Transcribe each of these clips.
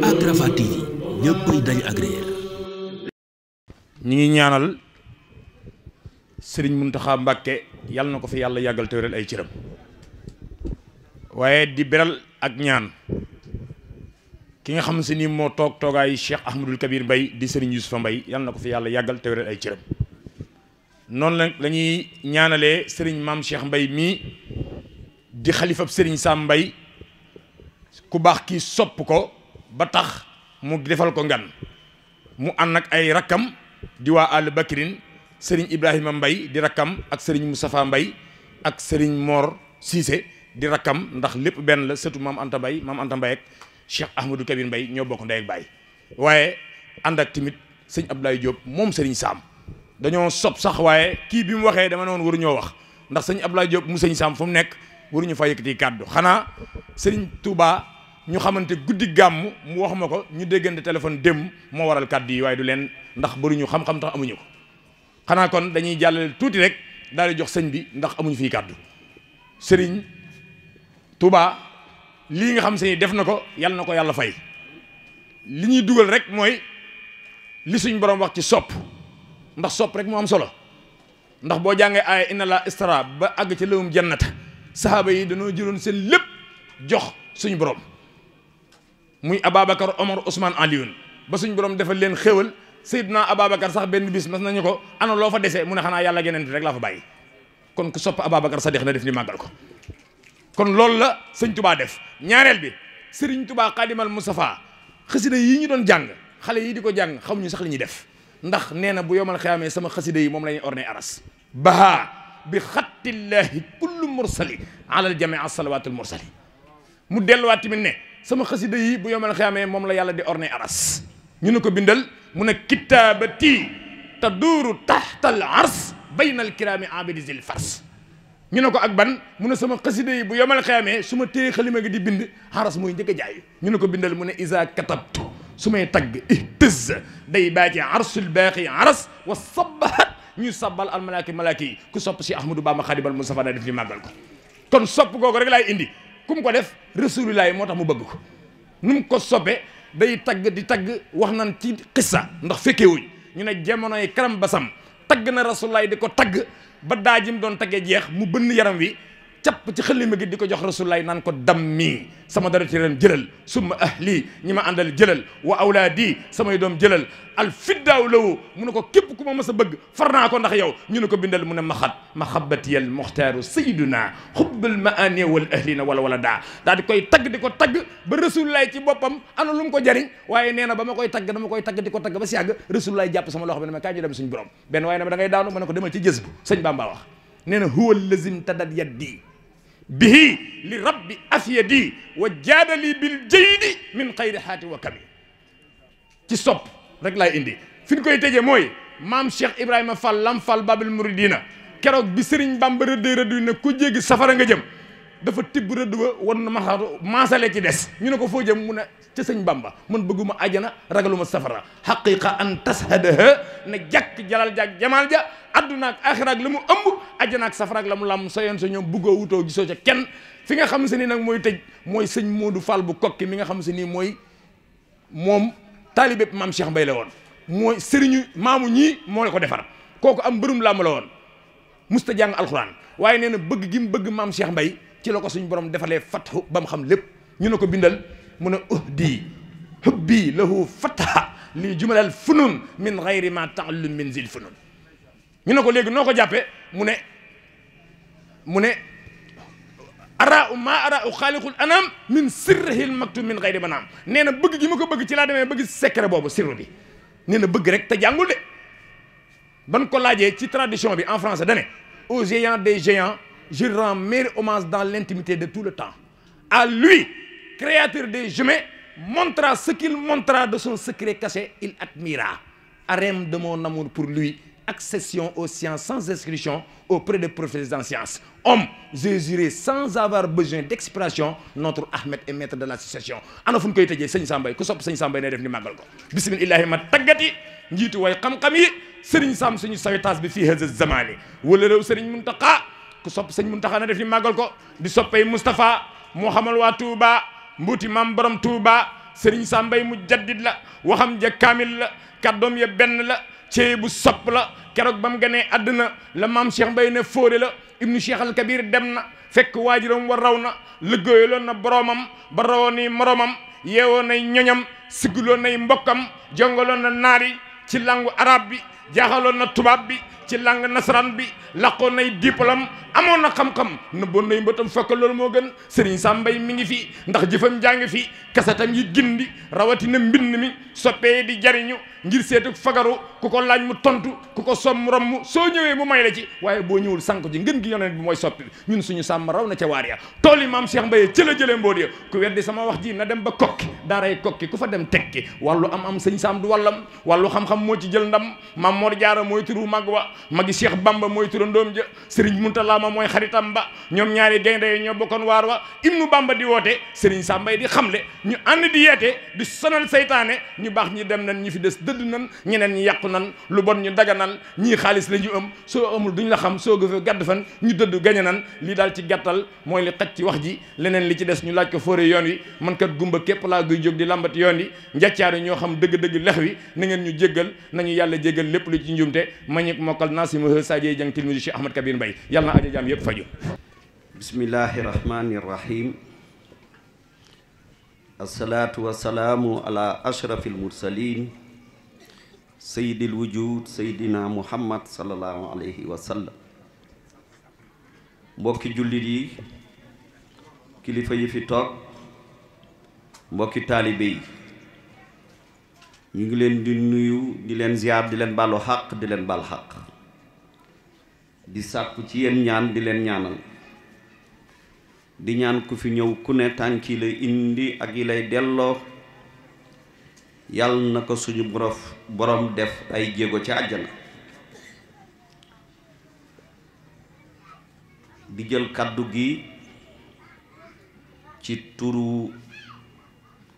ak Rafah TV ngi ñaanal sëriñ taxa Mbàkke yàlla na ko fi yàlla yàggal te wéral ay cëram waaye di beral ak ñaan ki nga xam si ni moo toog toogaayu Cheikh Ahmadul Kabir Mbay di sëriñ Yusufa Mbay yàlla na ko fi yàlla yàggal te wéral ay cëram noonu la la ñuy ñaanalee sëriñ maam Cheikh Mbay mii di xalifab sëriñ saam Mbay ku baax kii sopp ko ba tax mu defal ko ngan mu ànd ak ay rakkam di waa àll Bakrin sëriñ Ibrahima Mbay di rakkam ak sëriñ Moustapha Mbay ak sëriñ Mor Cissé di rakkam ndax lépp benn la setu maam Anta Mbay maam Anta Mbay ak Cheikh Ahmadou Kabir Mbay ñoo bokk ndey ak baay waaye ànd ak tamit ab Abdoulaye Diop moom sëriñ saam dañoo sob sax waaye kii bi mu waxee dama noon waruñoo wax ndax sëñ Abdoulaye Diop mu sëñ Sam fu mu nekk waruñu fa yëkkati kàddu xanaa sëriñ Touba ñu xamante guddi gàmm mu wax ma ko ñu déggante téléphone dem moo waral kàddu yi waaye du leen ndax bëruñu xam-xam tax amuñu ko xanaa kon dañuy jàllale tuuti rek daal di jox sëñ bi ndax amuñu fii kàddu sëriñ Touba lii nga xam se ni def na ko yàlla na ko yàlla fay li ñuy dugal rek mooy li suñ borom wax ci sopp ndax sopp rek mu am solo ndax boo jàngee aaya inna la istara ba àgg ci lëwum jannata sahaaba yi dañoo jëloon seen lépp jox suñu borom muy Ababacar Omar Ousmane Alioune ba suñu borom defal leen xéwal Seydina Ababacar sax benn bis mas nañu ko ana loo fa desee mu ne xanaa yàlla geneen rek laa fa bàyyi kon ku sopp Ababacar Sadiq na def ni màggal ko kon loolu la sëñ tubaa def ñaareel bi sëriñ tubaa xaadimal Mustafa xasida yi ñu doon jàng xale yi di ko jàng xamuñu sax li ñuy def ndax nee na bu yomal xiyaamee sama xasida yi moom la ñuy orne aras bahaa bi xattillahi kullu mursali alal jamia salawaatul mursali mu delluwaat tamit ne sama xasida yi bu yomal xiyaamee moom la yàlla di orne aras ñu ne ko bindal mu ne kitaabati taduuru taxta al ars bayna al kiraami abidi zil fars ñu ne ko ak ban mu ne sama xasida yi bu yomal xiyaamee su ma téye xalima gi di bind aras mooy njëkk a jaay ñu ne ko bindal mu ne isa katabtu su may tagg ihtiz day baa ci arsul baaqi aras wa sabahat ñu sabal almalaki malaki yi ku sopp si ahmadou bamba xadimal mustafa na def li màggal ko kon sopp googu rek laay indi ku mu ko def rasulullah moo tax mu bëgg ko nu mu ko soppe day tagg di tagg wax nan ci xissa ndax fekkee wuñ ñu ne jamonoy karam basam tagg na rasulullah di ko tagg ba daa jim doon taggee jeex mu bënn yaram wi capp ci xëllima gi di ko jox rasulullahi naan ko dammi sama dara ci ren jëlal summa ahli ñi ma àndal jëlal wa awlaadi samay doom jëlal al fiddaaw lawu mu ne ko képp ku ma a bëgg far naa ko ndax yow ñu ne ko bindal mu ne maxat mahabatiyal muxtaaru sayduna xubbal maani wal ahlina wala wala daa daa di koy tagg di ko tagg ba rasulullahi ci boppam ana lu mu ko jariñ waaye nee na ba ma koy tagg dama koy di ko tagg ba si yàgg rasulullahi jàpp sama loxo bi ne ma kaay ñu dem suñu borom benn waaye na ma da ngay daanu ma ne ko demal ci jës bu sëñ Bamba bihi li rabbi afyadi wa jaadali bil jaydi min xayri xaati wa kami ci sopp rek laay indi fi ñu koy tëjee mooy maam Cheikh Ibrahima Fall lam Fall Babul Muridina keroog bi Serigne ba rëddee rëddu na ku jéggi safara nga jëm dafa tibb rëdd ba wan na maxaatu maasale ci des ñu ne ko foo jëm mu a ca sëñ bamba man bëgguma ajana ragaluma safara xaqiqa an tashadaha ne jàkk jalal jàkk jamaal ja àdduna ak axira la mu ëmb ajana ak safara la mu làmm sa yoon sa ñoom bëggoo wutoo gisoo ca kenn fi nga xam se nag mooy tëj mooy sëñ Modou Fall bu kokki mi nga xam se nii mooy moom taalibe maam Cheikh mbay la woon mooy sëriñu maamu ñii moo la ko defar kooku am bërum làmm la woon musta jàng alxuraan waaye nee na bëgg gi mu bëgg maam Cheikh Mbaye ci la ko suñ borom defalee fathu ba mu xam lépp ñu ne ko bindal mu ne uhdi hubbi lahu fatha li jumalal funun min gayri ma taallum min zil funun ñu ne ko léegi noo ko jàppee mu ne mu ne araau maa araau xaaliqul anam min sirrihil maktub min gayri naam nee na bëgg gi ma ko bëgg ci laa demee bëgg secret boobu sirru bi nee na bëgg rek te jàngul de ban ko laajee ci tradition bi en français dane aux géants des géants je rends meilleur hommage dans l'intimité de tout le temps. À lui, créateur de jumets, montra ce qu'il montra de son secret caché, il admira. Arème de mon amour pour lui, accession aux sciences sans inscription auprès de professeurs en sciences. Homme, j'ai juré sans avoir besoin d'expression, notre Ahmed est maître de l'association. ana fu ñu koy tëjee sëñ Sambay ku sopp sëñ Sambay ne def ñu màggal ko bismillahi ma taggati njiitu way xam-xam yi sëriñ Sam suñu sawetaas bi fii hasa zamani wala réew sëriñ Muntaqa ku sopp sëñ Muntaxa na def ni màggal ko di soppey Moustapha moo xamal waa Touba mbuuti maam borom Touba saa mbay mu jaddid la waxam ja kaamil la kàddoom ya benn la cee bu sopp la keroog ba mu ganee àdduna la maam Cheikh Mbay na fóore la ibnu Cheikh al dem na fekk waajuram wa raw na liggéeyaloon na boroomam ba rawoon ni moromam yeewoon nay ñoñam sigguloon nay mbokkam jongaloon na naari ci langu araab bi jaaxaloon na tubaab bi ci langue nasaraan bi laqoon nay diplôme amoon na xam-xam nëbboon nay tam fekk loolu moo gën Serigne Sam mbay mi ngi fi ndax jëfam jaa ngi fi kasatam yi gindi rawatina mbind mi soppee di jariñu ngir seetu fagaru ku ko laaj mu tontu ku ko somm romb soo ñëwee mu may la ci waaye boo ñëwul sànq ji ngën gi na bi mooy soppi ñun suñu sàmm raw na ca waar ya tool yi maam Cheikh Mbaye ci la jëlee mbóot ya ku weddi sama wax ji na dem ba kokki daaray kokki ku fa dem tekki wàllu am am sëñ Sam du wàllam wàllu xam moo ci jël ndam maam Mor Jaara mooy turu mag wa magi Cheikh Bamba mooy turandoom ja Serigne Mountakha ma mooy xaritam ba ñoom ñaari gaynde yi ñoo bokkoon waar wa ibnu Bamba di woote Serigne mbay di xamle ñu ànd di yeete di sonal seytaane ñu baax ñi dem nan ñi fi des dëdd nan ñeneen ñi yàqu nan lu bon ñu daga nan ñii xaalis la ñu am soo amul duñu la xam soo gëfe gàdd fan ñu dëdd gañe nan lii daal ci gàttal mooy li xaj ci wax ji leneen li ci des ñu laaj ko fóore yoon wi man kat gumba képp laa jóg di lambati yoon yi njaccaari ñoo xam dëgg-dëgg lex wi na ngeen ñu jéggal nañu yàlla jéggal lépp lu ci njuumte al naasimaha sadiey jang tilmidi cheikh ahmad kabir mbay yàlla na ajo jaam yëpp faju bismillahi rahmani rahim asalaatu wasalaamu ala ashrafil mursalin sayyidil wujud sayyidina muhammad sallallahu alayhi wa mbokki jullit yi kilifa yi fi toog mbokki taalibe yi ñu ngi leen di nuyu di leen ziar di leen baalu xaq di leen baal xaq di sàkku ci yéen ñaan di leen ñaanal di ñaan ku fi ñëw ku ne tànk yi lay indi ak yi lay delloo yàlla na ko suñu borof borom def ay jéego ca àjjana di jël kàddu gi ci turu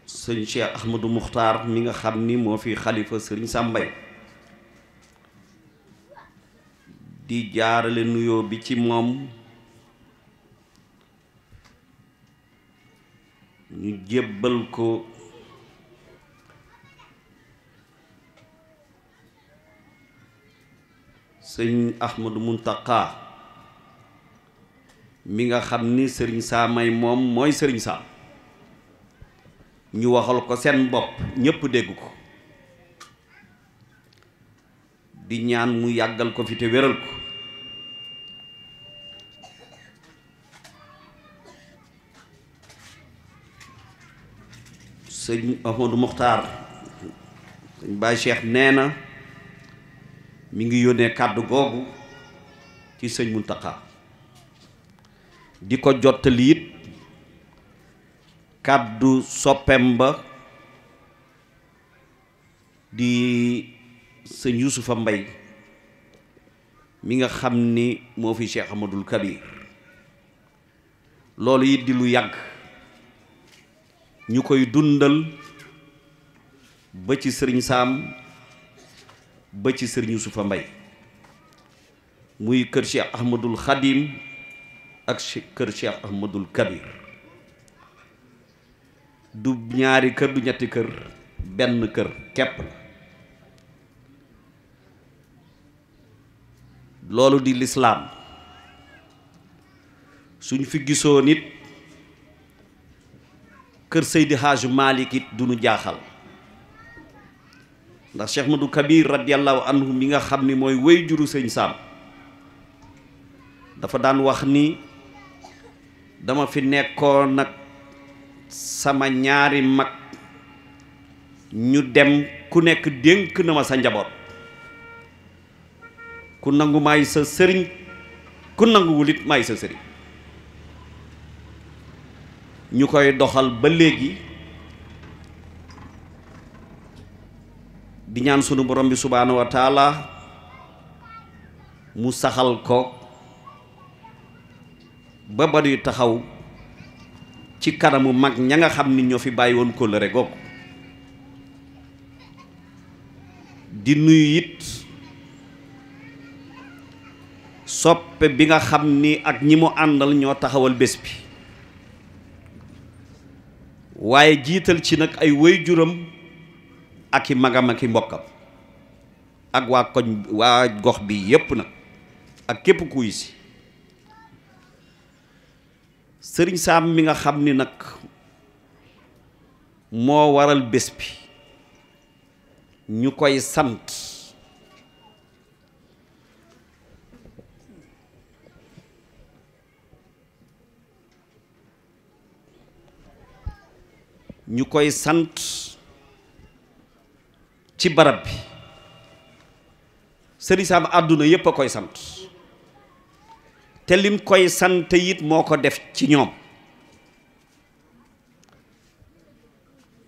sëñ Cheikh Ahmadou Muxtaar mi nga xam ni moo fi xalifa sëriñ Sàmbay di jaarale nuyoo bi ci moom ñu jébbal ko sëñ Ahmadu Muntaka mi nga xam ni sëriñ saa may moom mooy sëriñ saa ñu waxal ko seen bopp ñépp dégg ko di ñaan mu yàggal ko fi te wéral ko sëñ Ahmadou Mokhtar sëñ Baye Cheikh nee na mi ngi yónnee kàddu googu ci sëñ Mountakha di ko jottali it kàddu soppem ba di sëñ Youssoufa mbay mi nga xam ni moo fi Cheikh Ahmadoul Kabir loolu it di lu yàgg ñu koy dundal ba ci sëriñ Saam ba ci Mbay muy kër Cheikh Ahmadul Xadim ak kër Cheikh Ahmadul Kabir du ñaari kër du ñetti kër benn kër képp la loolu di lislaam suñ fi gisoo nit kër Seydi Haaju Malik it du nu jaaxal ndax Cheikh Madou Kabir radiallahu anhu mi nga xam ni mooy wéy juru sëñ Saam dafa daan wax ni dama fi nekkoon nag sama ñaari mag ñu dem ku nekk dénk na ma sa njaboot ku nangu maay sa sëriñ ku nanguwul it maay sa sëriñ ñu koy doxal ba léegi di ñaan sunu borom bi subhaanahu wa taala mu saxal ko ba ba di taxaw ci kanamu mag ña nga xam ni ñoo fi bàyyi woon kóllëre googu di nuyu it soppe bi nga xam ni ak ñi mu àndal ñoo taxawal bés bi waaye jiital ci nag ay waajuram ak aki magam ak mbokkam ak waa koñ waa gox bi yépp nag ak képp kuy si sëriñ Saam mi nga xam ni nag moo waral bés bi ñu koy sant ñu koy sant ci barab bi sëriñ àdduna yépp a koy sant te lim koy sant it moo ko def ci ñoom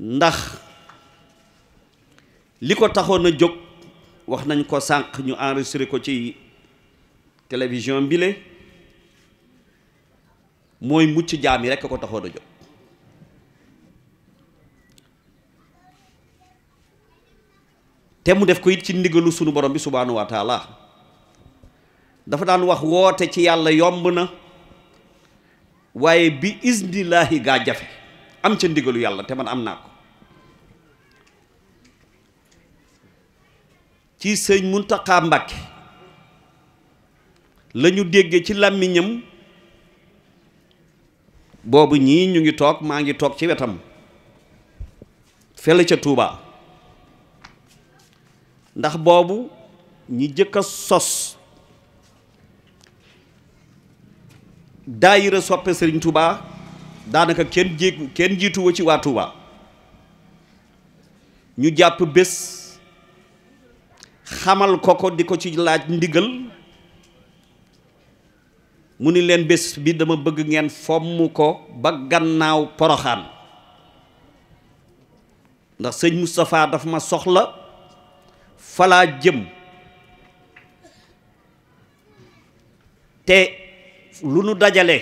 ndax li ko taxoon a jóg wax nañ ko sànq ñu enregistré ko ci télévision mbile mooy mucc jaam yi rekk ko taxoon a jóg te mu def ko it ci ndigalu sunu borom bi subhaanahu wa dafa daan wax woote ci yàlla yomb na waaye bi isnillaahi gaa jafe am ca ndigalu yàlla te man am naa ko ci sëñ Muntaxa Mbàkke la ñu déggee ci làmmiñam boobu ñii ñu ngi toog maa ngi toog ci wetam fele ca Tuubaa ndax boobu ñi jëkk a sos daayira soppe sëriñ Touba daanaka kenn jéegu kenn jiituwa ci waa Touba ñu jàpp bés xamal ko ko di ko ci laaj ndigal mu ni leen bés bi dama bëgg ngeen fomm ko ba gannaaw poroxaan ndax sëñ Moustapha dafa ma soxla falaa jëm te lu nu dajale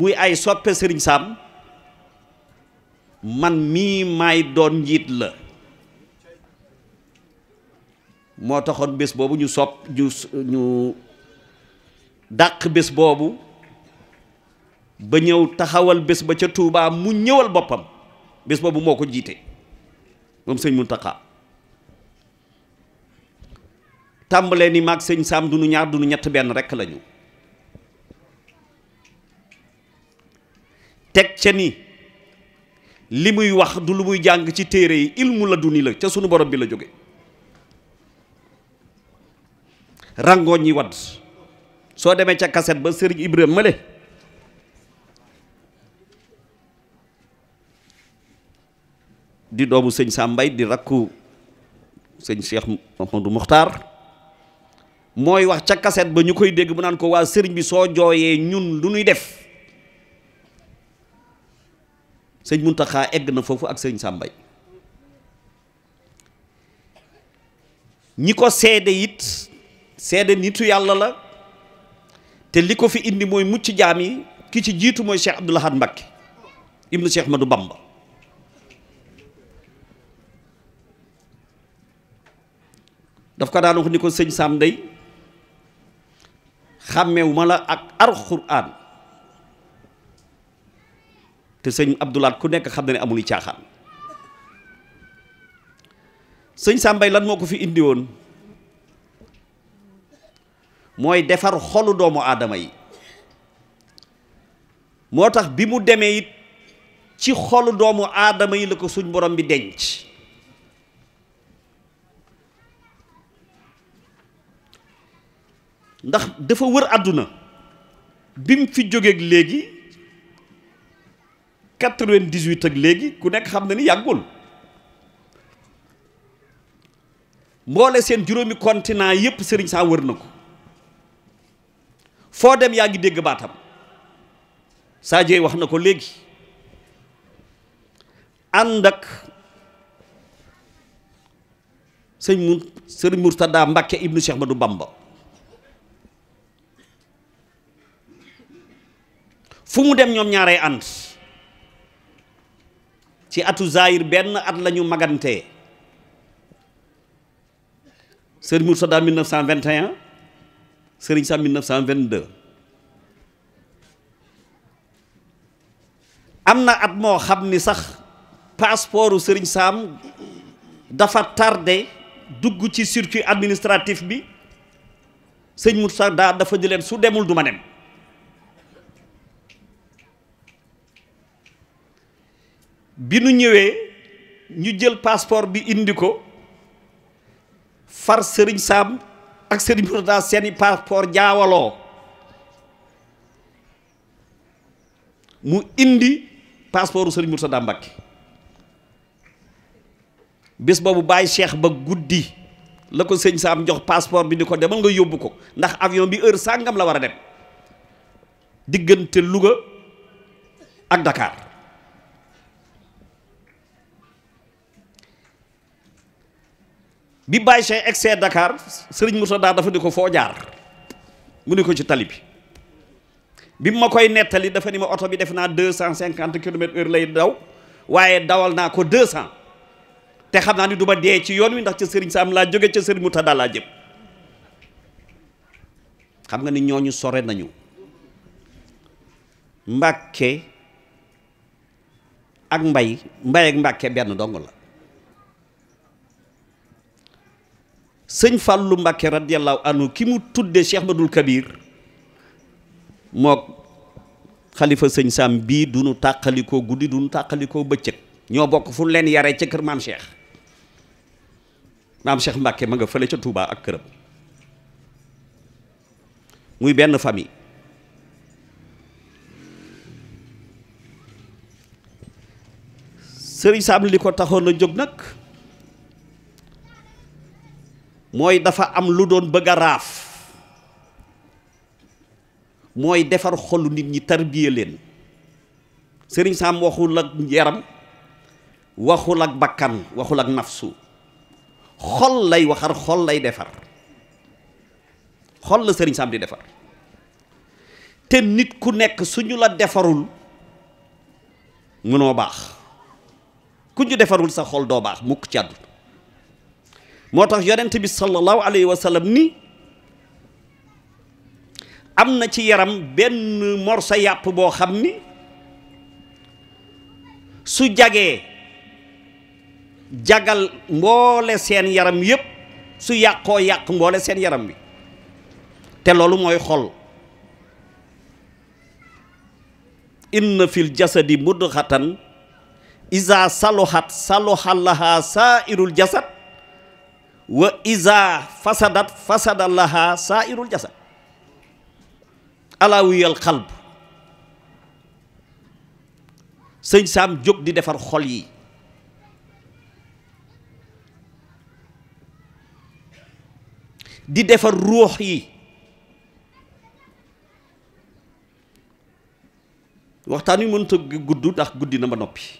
muy ay soppe sëriñ Sam man mii may doon njiit la moo taxoon bés boobu ñu sopp ñu ñu dàq bés boobu ba ñëw taxawal bés ba ca Touba mu ñëwal boppam bés boobu moo ko jiite moom sëñ Muntaxa tàmbalee ni maag sëñ saam du ñaar du ñett benn rekk lañu teg ca ni li muy wax du lu muy jàng ci téere yi ilmu la duni la ca sunu borom bi la jóge rangooñ yi wadd soo demee ca kaset ba sëriñ Ibrahima ma di doomu sëñ mbay di rakku sëñ Cheikh Mouhamadou Mokhtar mooy wax ca kaset ba ñu koy dégg mu naan ko waa sëriñ bi soo jooyee ñun lu ñuy def sëñ Muntaxa egg na foofu ak sëriñ Sàmbay ñi ko seede it seede nitu yàlla la te li ko fi indi mooy mucc jaam yi ki ci jiitu mooy Cheikh Abdoul Ahad Mbacké ibnu Cheikh Madou Bamba daf ko daan wax ni ko sëñ Sam xàmmewu ma la ak alxuraan te sëñ abdulaat ku nekk xam ne amul caaxaan sëñ Sàmbay lan moo ko fi indi woon mooy defar xolu doomu aadama yi moo tax bi mu demee it ci xolu doomu aadama yi la ko suñ borom bi denc ndax dafa wër àdduna bi mu fi jógeeg léegi quatre vingt ak léegi ku nekk xam na ni yàggul mboole seen juróomi continent yépp sëriñ saa wër na ko foo dem yaa ngi dégg baatam Sadio wax na ko léegi ànd ak sëñ mu sëriñ Mourtada Mbacke ibnu Cheikh du Bamba fu mu dem ñoom ñaaree ànd ci atu zahir benn at la ñu magantee sëriñ Murtada 1921 sëriñ Sam 1922 am na at moo xam ni sax passeportu sëriñ Sam dafa tardé dugg ci circuit administratif bi sëriñ Murtada dafa jëleen su demul duma dem bi nu ñëwee ñu jël passeport bi indi ko far sëriñ Saam ak sëriñ Murtada seeni passeport jaawaloo mu indi passeportu sëriñ Murtada Mbakke bés boobu bàyyi Cheikh ba guddi la ko sëñ Saam jox passeport bi ni ko demal nga yóbbu ko ndax avion bi heure sàngam la war a dem diggante Louga ak Dakar bi Baye Cheikh egsee Dakar Serigne Mourtada dafa ni ko foo jaar mu ni ko ci tali bi bi ma koy nettali dafa ni ma oto bi def naa deux cent cinquante kilomètres heure lay daw waaye dawal naa ko deux cent te xam naa ni du ma dee ci yoon wi ndax ca Serigne Sam laa jóge ca Serigne Mourtada laa jëm xam nga ni ñooñu sore nañu Mbàkke ak mbay mbay ak Mbàkke benn dong la sëñ Fàllu Mbàkke radiyallahu anhu ki mu tudde Cheikh dul Kabir mook xalifa sëñ Sam bii du nu tàqalikoo guddi du nu tàqalikoo bëccëg ñoo bokk fu leen yare ca kër maam Cheikh maam Mbàkke ma nga fële ca Touba ak këram muy benn famille sëriñ Sam li ko taxoon a jóg nag mooy dafa am lu doon bëgg a raaf mooy defar xolu nit ñi tarbiya leen sëriñ Sam waxul ak yaram waxul ak bakkan waxul ak nafsu xol lay waxar xol lay defar xol la sëriñ Sam di defar te nit ku nekk suñu la defarul mënoo baax ku ñu defarul sa xol doo baax mukk ci àdduna moo tax yonent bi sallallahu alayhi wa ni am na ci yaram benn morso yàpp boo xam ni su jagee jagal mboole seen yaram yépp su yàqoo yàq mboole seen yaram bi te loolu mooy xol inna fil jasadi mudghatan iza saluhat saluha laha irul jasad wa iza fasadat fasada laha saa'irul jasad alaa xalb sëñ saam jóg di defar xol yi di defar ruux yi waxtaan wi mënut a gudd ndax guddi na ba noppi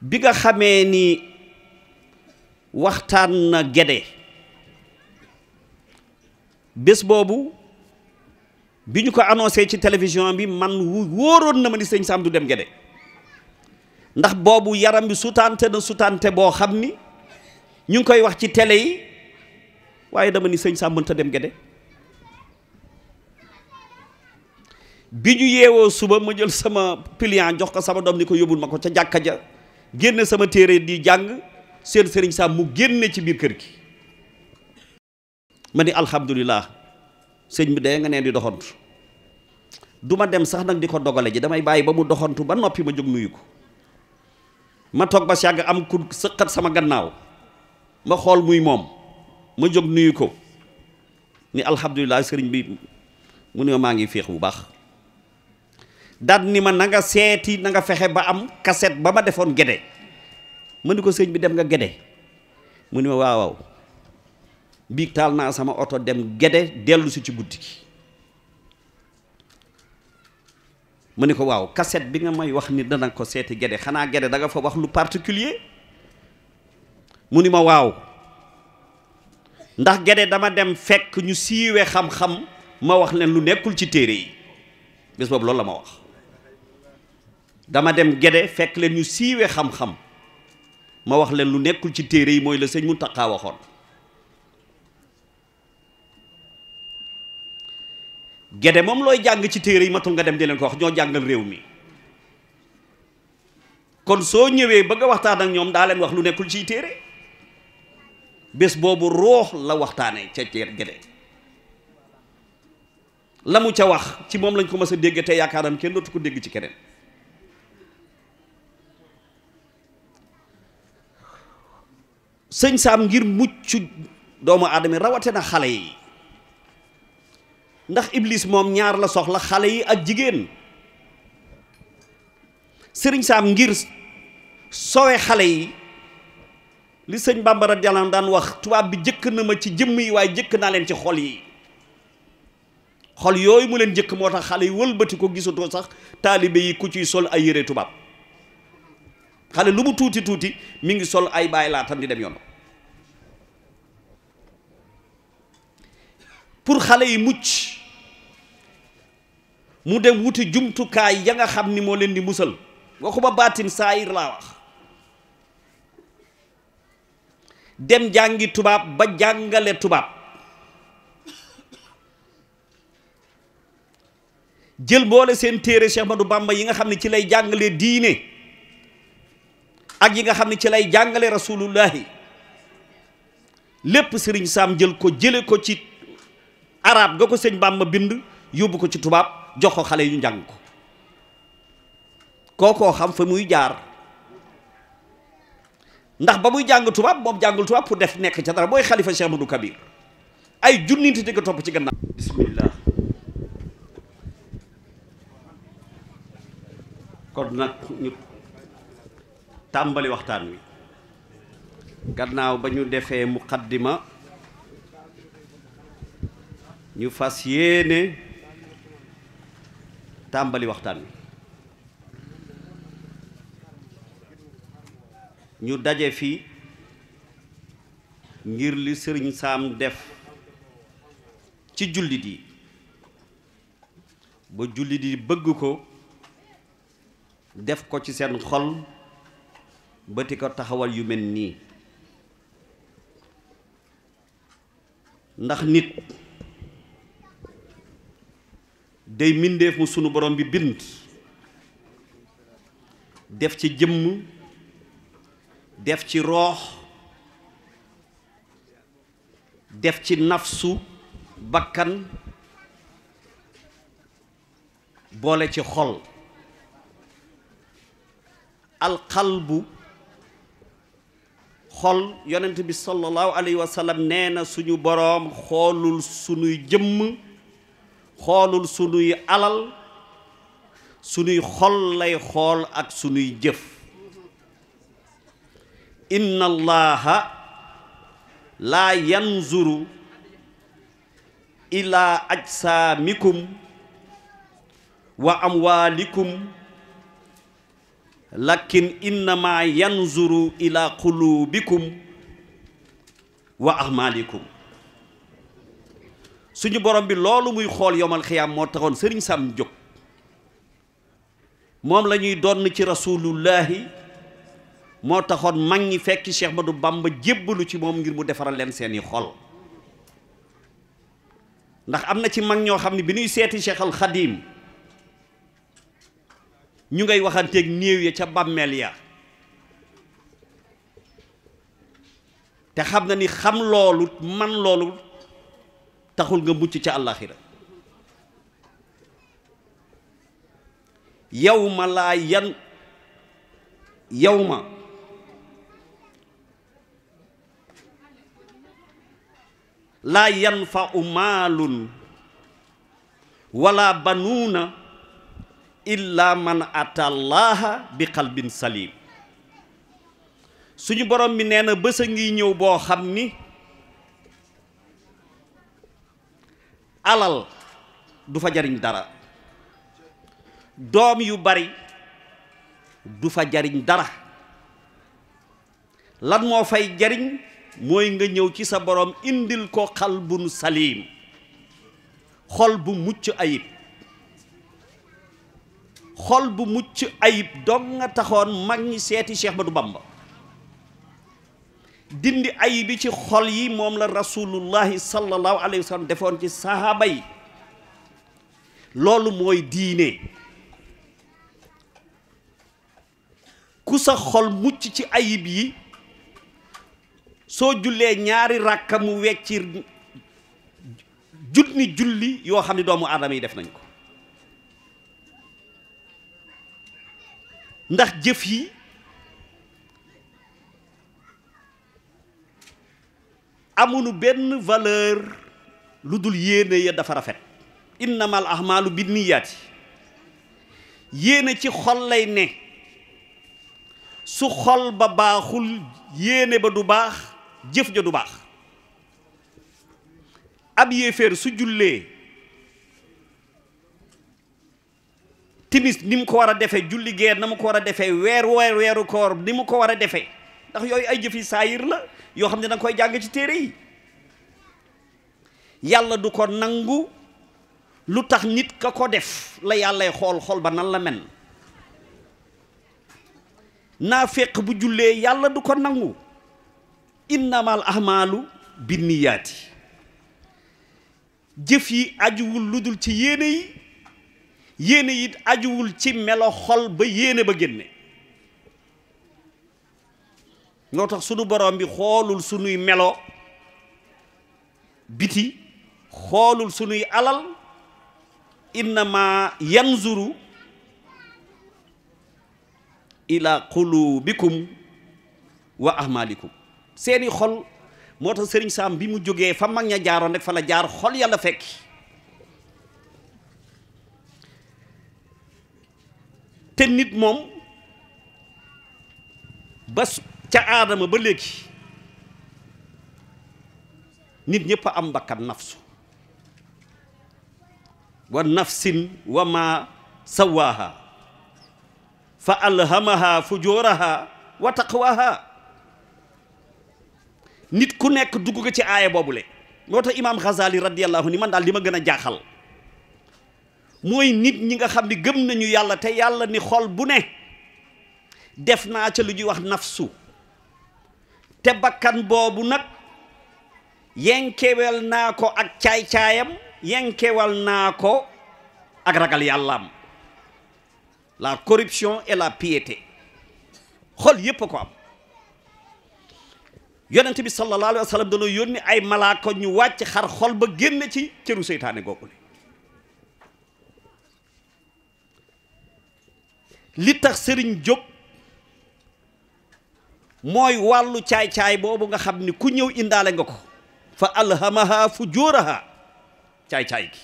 bi nga xamee ni waxtaan na Gédé bés boobu bi ñu ko annoncé ci télévision bi man wu wóoroon na ma ni sëñ Sam du dem Gédé ndax boobu yaram bi sutaante na sutaante boo xam ni ñu ngi koy wax ci tele yi waaye dama ni sëñ Sam mënta dem Gédé bi ñu yeewoo suba ma jël sama pliant jox ko sama doom ni ko yóbbul ma ko ca jàkka ja génne sama téere di jàng seen sëriñ saa mu génne ci biir kër gi ma ni alhamdulilah sëñ bi day nga neen di doxantu duma dem sax nag di ko dogale ji damay bàyyi ba mu doxantu ba noppi ma jóg nuyu ko ma toog ba yàgg am ku sëqat sama gannaaw ma xool muy moom ma jóg nuyu ko ni alhamdulilah sëriñ bi mu ne maa ngi féex bu baax daat ni ma nanga nga seeti na nga fexe ba am kaset ba ma defoon gede ma ko sëñ bi dem nga gede mu ni ma waaw waaw biig taal naa sama oto dem gede dellusi ci guddi gi mu ni ko waaw kaset bi nga may wax ni dana ko seeti gede xanaa gede danga fa wax lu particulier mu ni ma waaw ndax gede dama dem fekk ñu siiwee xam-xam ma wax leen lu nekkul ci téere yi bés boobu loolu la ma wax dama dem gede fekk leen ñu siiwee xam-xam ma wax leen lu nekkul ci téere yi mooy la sëñ Muntaxa waxoon gede moom looy jàng ci téere yi matul nga dem di leen ko wax ñoo jàngal réew mi kon soo ñëwee bëgg a waxtaan ak ñoom daa leen wax lu nekkul ciy téere bés boobu roox la waxtaanee ca ceer gede la mu ca wax ci moom lañ ko ma a dégg te yaakaaram kenn dootu ko dégg ci keneen sëñ saam ngir mucc doomu aadama rawate na xale yi ndax iblis moom ñaar la soxla xale yi ak jigéen sëriñ saam ngir sowe xale yi li sëñ Bàmba radiyallaahu daan wax tubaab bi jëkk na ma ci jëmm yi waaye jëkk naa leen ci xol yi xol yooyu mu leen jëkk moo tax xale yi wëlbati ko gisatoo sax taalibe yi ku ciy sol ay yére tubaab xale lu mu tuuti tuuti mi ngi sol ay bàyyi laa tam di dem yoon pour xale yi mucc mu dem wuti jumtukaay ya nga xam ni moo leen di musal waxuma baatin saayir laa wax dem jàngi tubaab ba jàngale tubaab jël boole seen téere Cheikh du bàmba yi nga xam ne ci lay jàngale diine ak yi nga xam ne ci lay jàngale rasulullahi lépp sëriñ saam jël ko jële ko ci arab ga ko sëñ ma bind yóbbu ko ci tubaab jox ko xale yu njàng ko koo xam fa muy jaar ndax ba muy jàng tubaab moom jàngul tubaab pour def nekk ca dara booy xalifa Cheikh Amadou Kabir ay junniti di ko topp ci gannaaw bismillah tàmbali waxtaan wi gannaaw ba ñu defee muqaddima ñu fas yéene tàmbali waxtaan wi ñu daje fi ngir li sëriñ saam def ci jullit yi ba jullit yi bëgg ko def ko ci seen xol ba ko taxawal yu mel nii ndax nit day mbindeef mu sunu borom bi bind def ci jëmm def ci roox def ci nafsu bakkan boole ci xol alxalbu xol yonent bi sallallahu alayhi wa nee na suñu boroom xoolul suñuy jëmm xoolul suñuy alal suñuy xol lay xool ak suñuy jëf inna allaha laa yanzuru ila ajsaamikum wa amwaalikum lakin innama yanzuru ila qulubikum wa ahmalikum suñu borom bi loolu muy xool yomal xiyaam moo taxoon sëriñ Sam jóg moom la ñuy donn ci rasulullahi moo taxoon mag ñi fekki Cheikh du Bamba jébbalu ci moom ngir mu defaral leen seeni xol ndax am na ci mag ñoo xam ne bi ñuy seeti Cheikh al ñu ngay waxanteeg néew ya ca bàmmeel ya te xam na ni xam loolu man loolu taxul nga mucc ca àllaaxira yow ma laa yan yow ma laa yanfau maalun wala banuuna illa man atallaha bi xalbin salim suñu boroom bi nee na bés a ngi ñëw boo xam ni alal du fa jariñ dara doom yu bari du fa jariñ dara lan moo fay jariñ mooy nga ñëw ci sa boroom indil ko xalbun salim xol bu mucc ayib xol bu mucc ayib dong nga taxoon mag ñi seeti Cheikh Badou Bamba dindi ayib yi ci xol yi moom la rasulullahi sallallahu alayhi wa sallam defoon ci sahaaba yi loolu mooy diine ku sa xol mucc ci ayib yi soo jullee ñaari ràkka mu wecci ni julli yoo xam ne doomu aadama yi def nañ ko ndax jëf yi amulu benn valeur lu dul yéene ya dafa rafet innamal ahmaalu binniyaati yéene ci xol lay ne su xol ba baaxul yéene ba du baax jëf ja du baax ab yéeféer su jullee timis ni mu ko war a defee julli geer na mu ko war a defee weer weer weeru koor ni mu ko war a defee ndax yooyu ay jëfi saayir la yoo xam ne danga koy jàng ci téere yi yàlla du ko nangu lu tax nit ka ko def la yàllay xool xool ba nan la mel naafeq bu jullee yàlla du ko nangu innamal ahmaalu binniyaati jëf yi ajuwul ludul ci yéene yi yéene yit ajuwul ci melo xol ba yéene ba génne moo tax sunu borom bi xoolul sunuy melo biti xoolul sunuy alal innama yanzuru ila qulubikum wa ahmalikum seeni xol moo tax sëriñ saam bi mu jógee fa mag ña jaaroon rek fa la jaar xol yàlla fekki te nit moom ba ca aadama ba léegi nit ñëpp am bakkan nafsu wa nafsin wa ma sawaaha fa alhamaha fujuraha wa taqwaha nit ku nekk dugg nga ci aaya boobule moo tax imaam Ghazali radiyallahu ni man daal li ma gën a jaaxal mooy nit ñi nga xam ne gëm nañu yàlla te yàlla ni xol bu ne def naa ca lu ñuy wax nafsu te bakkan boobu nag yenkewel naa ko ak caay-caayam yenkewal naa ko ak ragal yàllaam la corruption et la pieté xol yépp a ko am yonent bi sallallahu alayhi wa sallam dañoo yónni ay malaaka ñu wàcc xar xol ba génn ci cëru seytaane googu li tax sëriñ jóg mooy wàllu caay-caay boobu nga xam ni ku ñëw indaale nga ko fa alhamaha fujuuraha caay-caay gi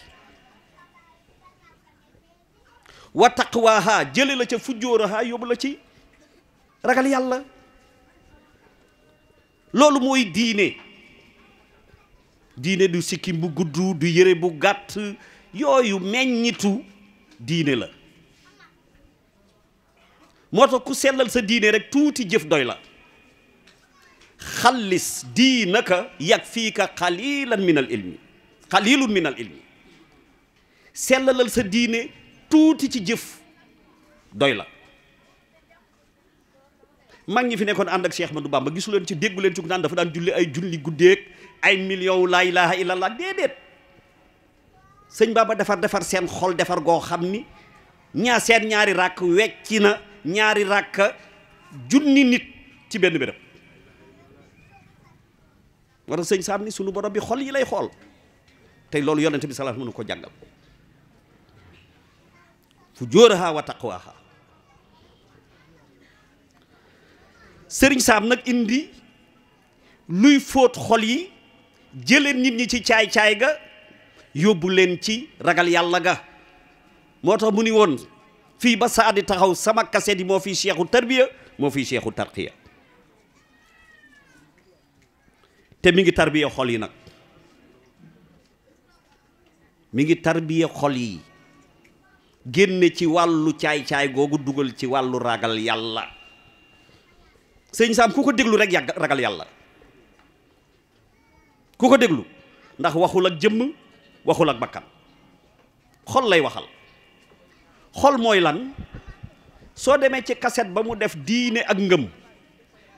wa taqwaha jële la ca fujuuraha yóbbu la ci ragal yàlla loolu mooy diine diine du sikkim bu gudd du yëre bu gàtt yooyu meññitu diine la moo tax ku sellal sa diine rek tuuti jëf doy la xallis diinaka yag fii ka xalilan min al ilmi xalilun min al ilmi sellalal sa diine tuuti ci jëf doy la mag ñi fi nekkoon ànd ak Cheikh Ahmadou Bamba gisu leen ci déggu leen ci ku naan dafa daan julli ay julli guddeeg ay million laa ilaha illallah déedéet sëñ Bamba defar defar seen xol defar goo xam ni ñaar seen ñaari ràkk wecci na ñaari ràkka junni nit ci benn béréb war na sëñ saam ni sunu borom bi xol yi lay xool tey loolu yonente bi salaat mënu ko jàngal fu jóoraha wa sëriñ saam nag indi luy fóot xol yi jëlee nit ñi ci caay-caay ga yóbbu leen ci ragal yàlla ga moo tax mu ni woon fii ba saa di taxaw sama kaset yi moo fiy seexu tarbiya moo fiy seexu tarqiya te mi ngi tarbiya xol yi nag mi ngi tarbiya xol yi génne ci wàllu caay-caay googu dugal ci wàllu ragal yàlla sëñ Saam ku ko déglu rek yàgg ragal yàlla ku ko déglu ndax waxul ak jëmm waxul ak bakkan xol lay waxal xol mooy lan soo demee ci kaset ba mu def diine ak ngëm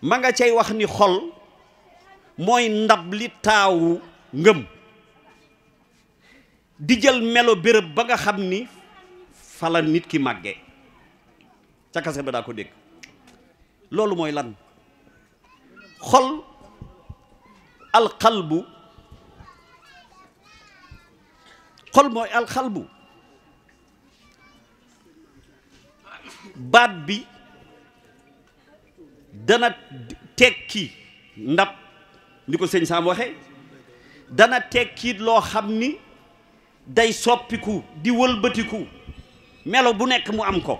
ma nga cay wax ni xol mooy ndab li taawu ngëm di jël melo béréb ba nga xam ni fala nit ki màgge ca kaset ba daa ko dégg loolu mooy lan xol alxalbu xol mooy alxalbu baat bi dana tekki ndab ni ko sëñ Sam waxe dana tekki loo xam ni day soppiku di wëlbatiku melo bu nekk mu am ko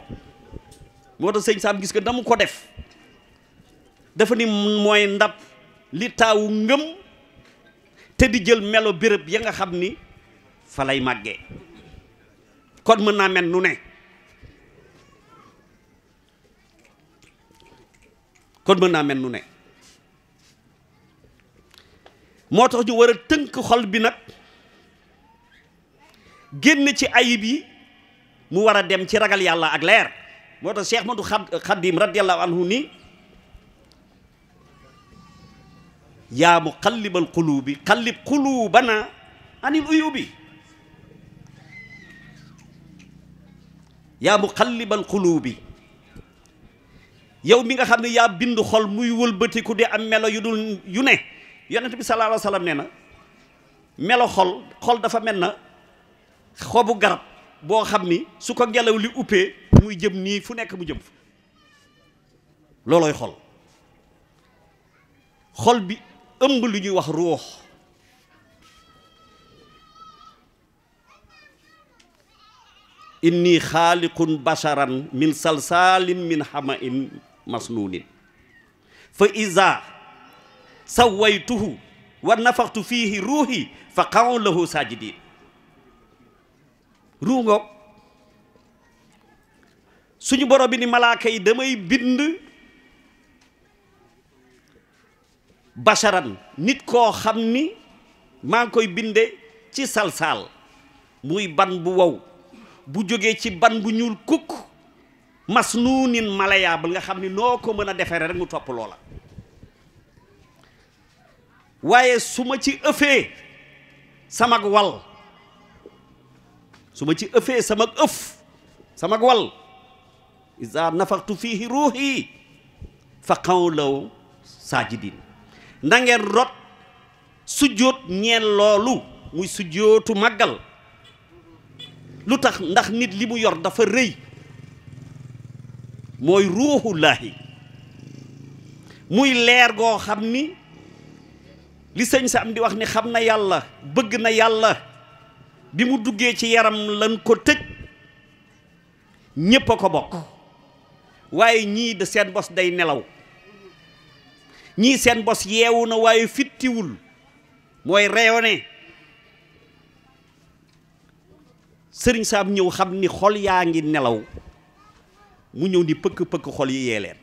moo tax sëñ Sam gis ko damu ko def dafa ni mooy ndab li taawu ngëm te di jël melo béréb ya nga xam ni fa lay màggee kon mën naa mel nu ne kon mën naa mel nu ne moo tax ñu war a tënk xol bi nag génn ci ayib yi mu war a dem ci ragal yàlla ak leer moo tax Cheikh Madou Khadim radiyallahu anhu ni yaa muqallibal quluubi qallib quluubana anil uyubi yaa muqallibal quluubi yow mi nga xam ne yaa bind xol muy wëlbatiku di am melo yu dul yu ne yonent bi sallallahu alayhi wa sallam nee na melo xol xol dafa mel na xobu garab boo xam ni su ko ngelaw li uppee muy jëm nii fu nekk mu jëm fa loolooy xol xol bi ëmb lu ñuy wax ruux inni xaaliqun basharan min salsaalin min hama in masnuunin fa iza sawaytuhu wa nafaxtu fiihi ruuhi fa qaw lahu saajidiin ruu ngoog suñu borom bi ni malaaka yi damay bind basharan nit koo xam ni maa ngi koy binde ci salsaal muy ban bu wow bu jógee ci ban bu ñuul kukk masnuunin malayable nga xam ni noo ko mën a defere rek mu topp loola waaye su ma ci ëfee samag wal su ma ci ëfee samag ëf samag wal isa nafaxtu fiihi ruuxi fa qawlaw saajidin na ngeen rot sujjóot ñeen loolu muy sujjóotu màggal lu tax ndax nit li mu yor dafa rëy mooy ruuxullaahi muy leer goo xam ni li sëñ sa am di wax ni xam na yàlla bëgg na yàlla bi mu duggee ci yaram lan ko tëj ñépp a ko bokk waaye ñii de seen bos day nelaw ñii seen bos yeewu na waaye fittiwul mooy reyone sëriñ saam ñëw xam ni xol yaa ngi nelaw mu ñëw ni pëkk pëkk xol yi yee leen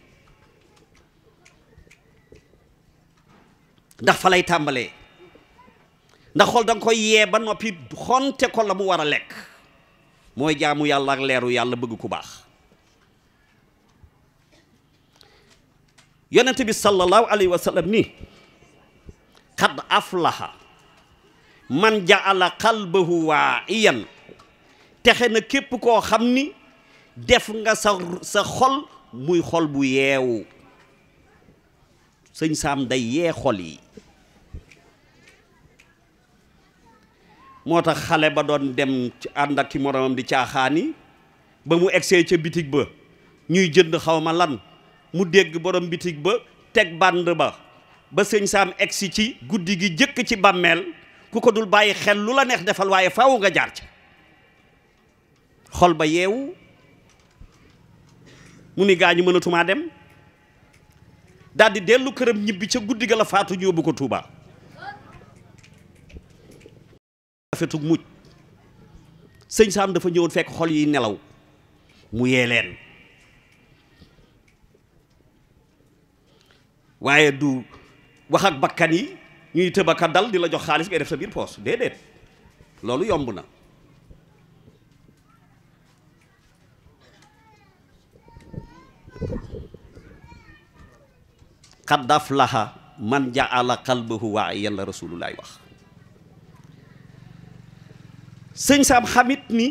ndax fa lay tàmbalee ndax xol danga koy yee ba noppi xonte ko la mu war a lekk mooy jaamu yàlla ak leeru yàlla bëgg ku baax yonent bi sallallahu alayhi wa sallam ni xad aflaha man jaala qalbahu waa'iyan texe na képp koo xam ni def nga sa sa xol muy xol bu yeewu sëñ saam day yee xol yi moo tax xale ba doon dem ci ànd ak ki moromam di caaxaani ba mu egsee ca bitig ba ñuy jënd xaw ma lan mu dégg borom bitig ba teg bànd ba ba sëñ saam egsi ci guddi gi jëkk ci bàmmeel ku ko dul bàyyi xel lu la neex defal waaye faw nga jaar ca xol ba yeewu mu ni gaa ñi mënatumaa dem daldi dellu këram ñibbi ca guddi ga la faatu ñu yóbbu ko Touba. rafetug mujj sëñ dafa ñëwoon fekk xol yi nelaw mu yee leen waaye du wax ak bakkan yi ñuy tëb ak dal di la jox xaalis ngay def sa biir poos déedéet loolu yomb na qad aflaha man jaala qalbahu waa'iyan la rasulullaay wax sëñ Sam xamit ni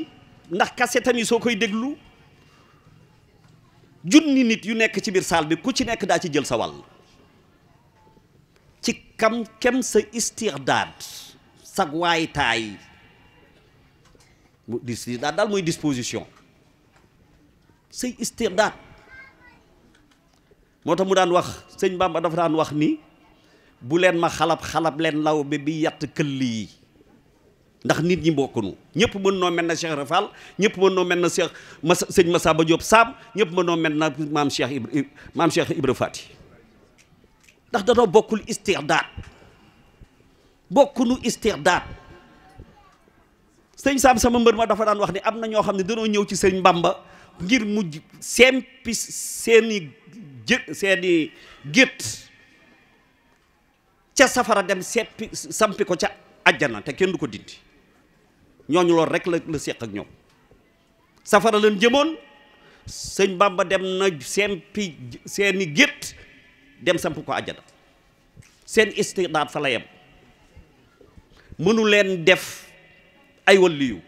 ndax kasetam yi soo koy déglu junni nit yu nekk ci biir saal bi ku ci nekk daa ci jël sa wàll ci kam kem sa istixdaad sag waay taay mu istixdaad daal mooy disposition say istixdaad moo tax mu daan wax sëñ Bamba dafa daan wax ni bu leen ma xalab xalab leen law bi bi yatt këll yi ndax nit ñi bokkunu ñëpp mën noo mel na Cheikh Rafal ñëpp mën noo mel na Cheikh Mas sëñ Masaba Diop Saam ñëpp mën noo mel na maam Cheikh Ibra maam Cheikh ndax danoo bokkul istirdaat bokkunu istirdaat sëñ Saam sama mbër ma dafa daan wax ni am na ñoo xam ne danoo ñëw ci sëñ mbàmba ngir mujj seen sempi seeni jë seeni gétt ca safara dem seppi sampi ko ca ajjana te kenn du ko dindi ñooñu lool rek la la seq ak ñoom safara leen jëmoon sëñ Bamba dem na sempi seeni gétt dem samp ko ajjana seen istidaat fa la yem mënu leen def ay walliyu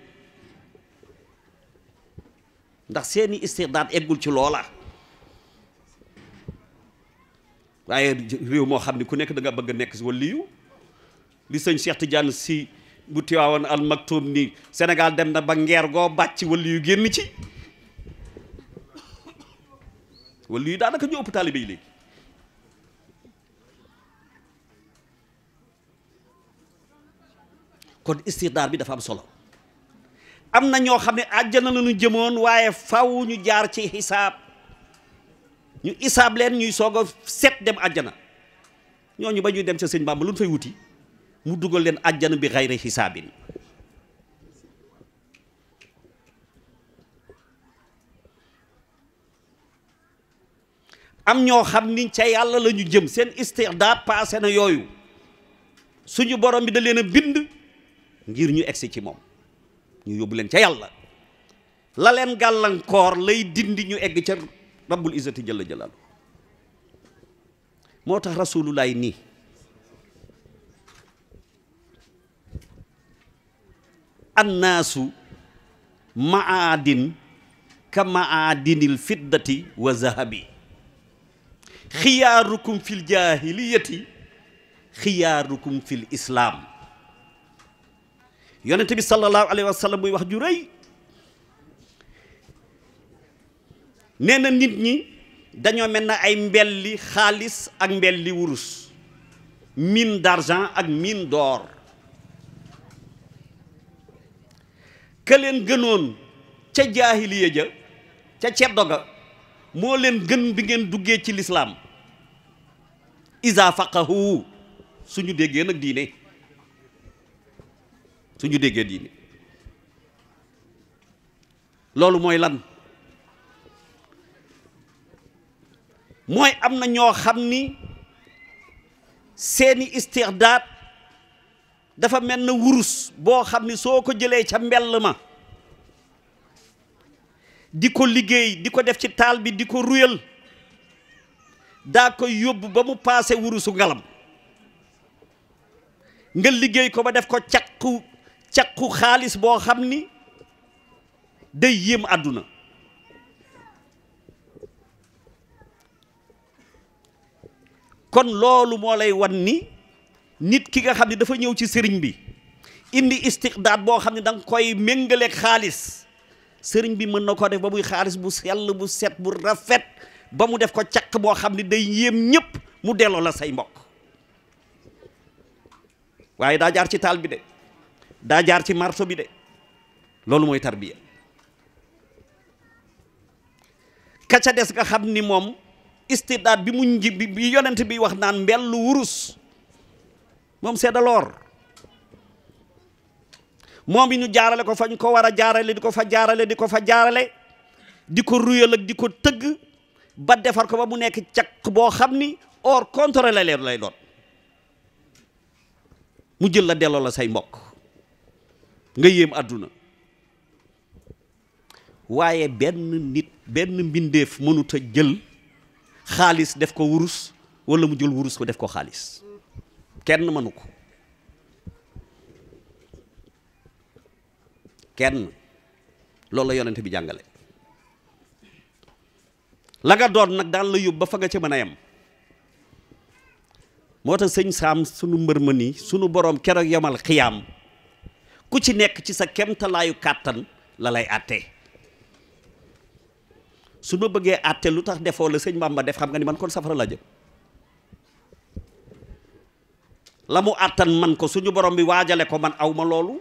ndax seeni istidaat eggul ci loolaa waaye réew moo xam ne ku nekk danga bëgg a nekk si waliyu li sëñ Cheikh Tidiane si bu Tiwaawan al Maktoum ni Sénégal dem na ba ngeer goo bàcc waliyu génn ci waliyu daanaka ñu ëpp taalibe yi léegi kon istidaar bi dafa am solo am na ñoo xam ne àjjana la jëmoon waaye faw ñu jaar ci xisaab ñu isaab leen ñuy soog a set dem àjjana ñooñu ba ñuy dem ca sëñ Bàmba lu ñu fay wuti mu dugal leen ajjana bi xayri xisaabin am ñoo xam ni ca yàlla lañu jëm seen istirdaat passé na yooyu suñu borom bi da leen a bind ngir ñu egsi ci moom ñu yóbbu leen ca yàlla la leen gàllankoor lay dindi ñu egg ca rabbul izzati jalla jalaalu moo tax rasulullaay nii annaasu maadin ka maadinil fiddati wa zahabi xiyaarukum fil jaahiliyati xiyaarukum fil islaam yonente bi sallallahu alayhi wa sallam muy wax ju rëy nee na nit ñi dañoo mel na ay mbelli xaalis ak mbelli wurus mine d'argent ak mine door ka leen gënoon ca jaahiliya ja ca ceddo ga moo leen gën bi ngeen duggee ci lislaam isa faqahu suñu déggee nag diine suñu déggee diine loolu mooy lan mooy am na ñoo xam ni seeni istixdaat dafa mel na wurus boo xam ni soo ko jëlee ca mbell ma di ko liggéey di ko def ci taal bi di ko ruyal daa koy yóbbu ba mu paase wurusu ngalam nga liggéey ko ba def ko caqu caqu xaalis boo xam ni day yéem àdduna kon loolu moo lay wan ni nit ki nga xam ne dafa ñëw ci sëriñ bi indi istiqdaad boo xam ne danga koy méngaleeg xaalis sëriñ bi mën na koo def ba muy xaalis bu sell bu set bu rafet ba mu def ko caq boo xam ne day yéem ñëpp mu delloo la say mbokk waaye daa jaar ci taal bi de daa jaar ci marto bi de loolu mooy tarbiya ka ca des nga xam ni moom istidaat bi mu nji bi yonent bi wax naan mbellu wurus moom seddaloor moom yi ñu jaarale ko fañ ko war a jaarale di ko fa jaarale di ko fa jaarale di ko ruyal ak di ko tëgg ba defar ko ba mu nekk caq boo xam ni or contrôlé leer lay doon mu jël la delloo la say mbokk nga yéem àdduna waaye benn nit benn mbindeef mënut jël xaalis def ko wurus wala mu jul wurus ko def ko xaalis kenn mënu ko kenn loolu la yonent bi jàngale la nga doon nag daal la yóbbu ba fa nga ca mën a yem moo tax sëñ saam sunu mbër ma nii sunu boroom keroog yamal xiyaam ku ci nekk ci sa kemtalaayu kàttan la lay àttee su ma bëggee àtte lu tax defoo la sëñ Bamba def xam nga ni man kon safara laa la mu àttan man ko suñu borom bi waajale ko man aw ma loolu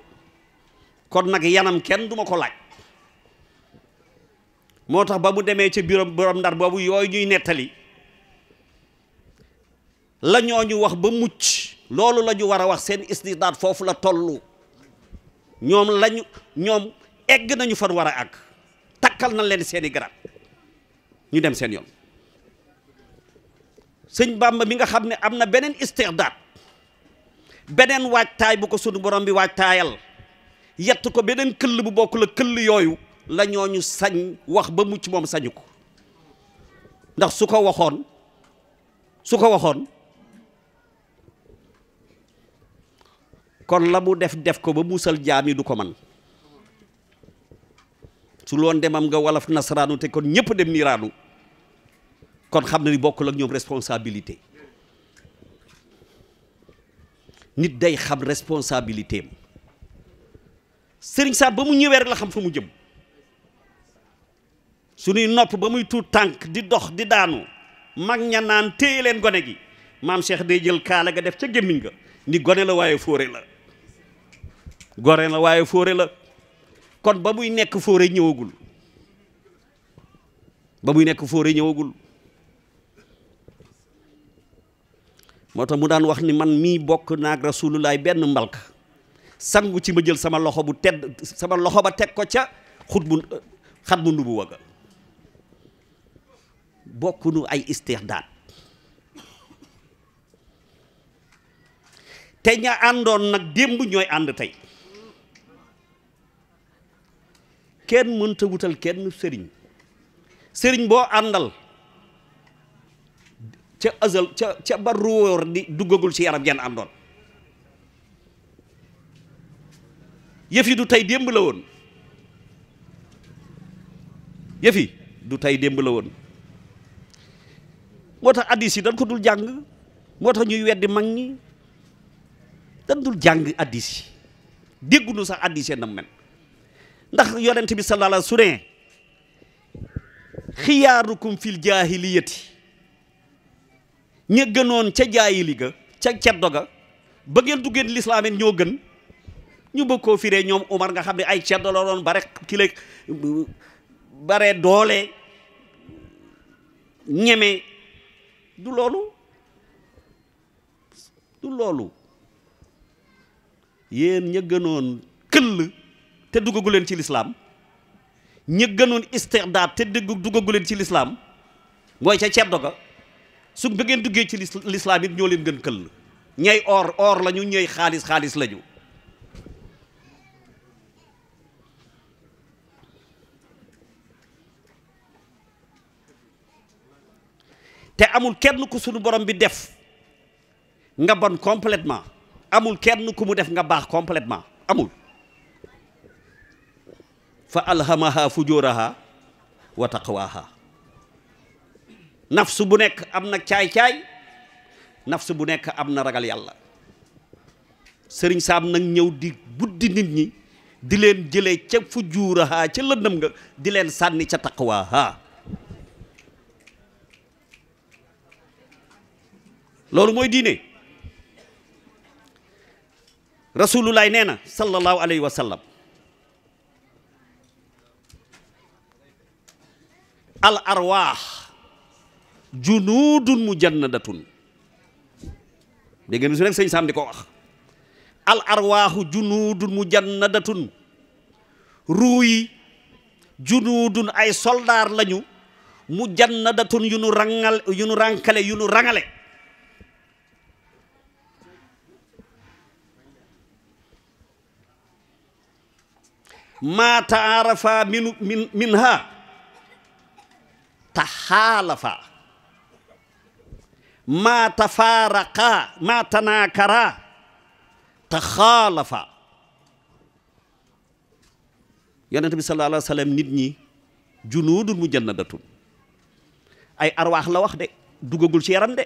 kon nag yanam kenn duma ko laaj moo tax ba mu demee ci bureau borom ndar boobu yooyu ñuy nettali la ñu wax ba mucc loolu lañu war a wax seen istidaat foofu la tollu ñoom lañu ñoom egg nañu fan war a àgg takkal na leen seeni garab ñu dem seen yoon sëñ Bàmba mi nga xam ne am na beneen istirdaat beneen waajtaay bu ko sunu borom bi waajtaayal yett ko beneen këll bu bokk la këll yooyu lañoo ñu sañ wax ba mucc moom sañu ko ndax su ko waxoon su ko waxoon kon la mu def def ko ba muusal jaam yi du ko man su loon demam nga walaf nasaraanu te kon ñëpp dem niiraanu kon xam na ni bokkul ak ñoom responsabilité nit day xam responsabilité am sëriñ Saat ba mu ñëwee rek la xam fa mu jëm su suñuy nopp ba muy tuut tànk di dox di daanu mag ña naan téye leen gone gi maam Cheikh day jël kaala ga def ca gémmiñ ga ni gone la waaye fóore la gone la waaye fóore la kon ba muy nekk fóore ñëwagul ba muy nekk fóore ñëwagul moo tax mu daan wax ni man mii bokk naag rasulullaay benn mbalk sangu ci ma jël sama loxo bu tedd sama loxo ba teg ko ca xut bu xat mu nubu waga bokk nu ay istixdaat te ña àndoon nag démb ñooy ànd tey kenn mënta wutal kenn sëriñ sëriñ boo àndal ca azal ca ca ba ruwóor di duggagul ci yaram yenn àndoon yëfi du tey démb la woon yëf du tey démb la woon moo tax addis yi dañ ko dul jàng moo tax ñuy weddi mag ñi dañ dul jàng addis yi dégguñu sax addis na nam mel ndax yonent bi sallallaahu alayhi wa sallam su ne xiyaarukum fil jaahiliyati ña gënoon ca jaayili ga ca ceddo ga ba ngeen duggeen lislaam ñoo gën ñu bëgg koo firee ñoom Umar nga xam ne ay ceddo la doon bare bare doole ñeme du loolu du loolu yéen ña gënoon këll te duggagu leen ci lislaam ñi gënoon istidaat te dégg duggagu leen ci lislaam mooy ca ceddo ga su ba duggee ci lislaam it ñoo leen gën këll ñay or or lañu ñay xaalis xaalis lañu te amul kenn ku sunu borom bi def nga bon completement amul kenn ku mu def nga baax completement amul fa alhamaha fujuraha wa taqwaha nafs bu nekk am na caay-caay nafs bu nekk am na ragal yàlla sëriñ saam nag ñëw di buddi nit ñi di leen jële ca fujuraha ca lëndëm nga di leen sànni ca taqwaha loolu mooy diine rasulullaay nee na sallallahu alayhi wa sallam al arwaax junuudun mujannadatun dégg ngeen junuudun ay soldaar lañu mujannadatun yu nu rangal yu nu rankale yu nu rangale maa taarafa minu min minha taxaalafa maa tafaaraqa maa tanaakara taxaalafa yonent bi sallallahu alayhi wa sallam nit ñi junuudul mujannadatun ay arwaax la wax de duggagul ci yaram de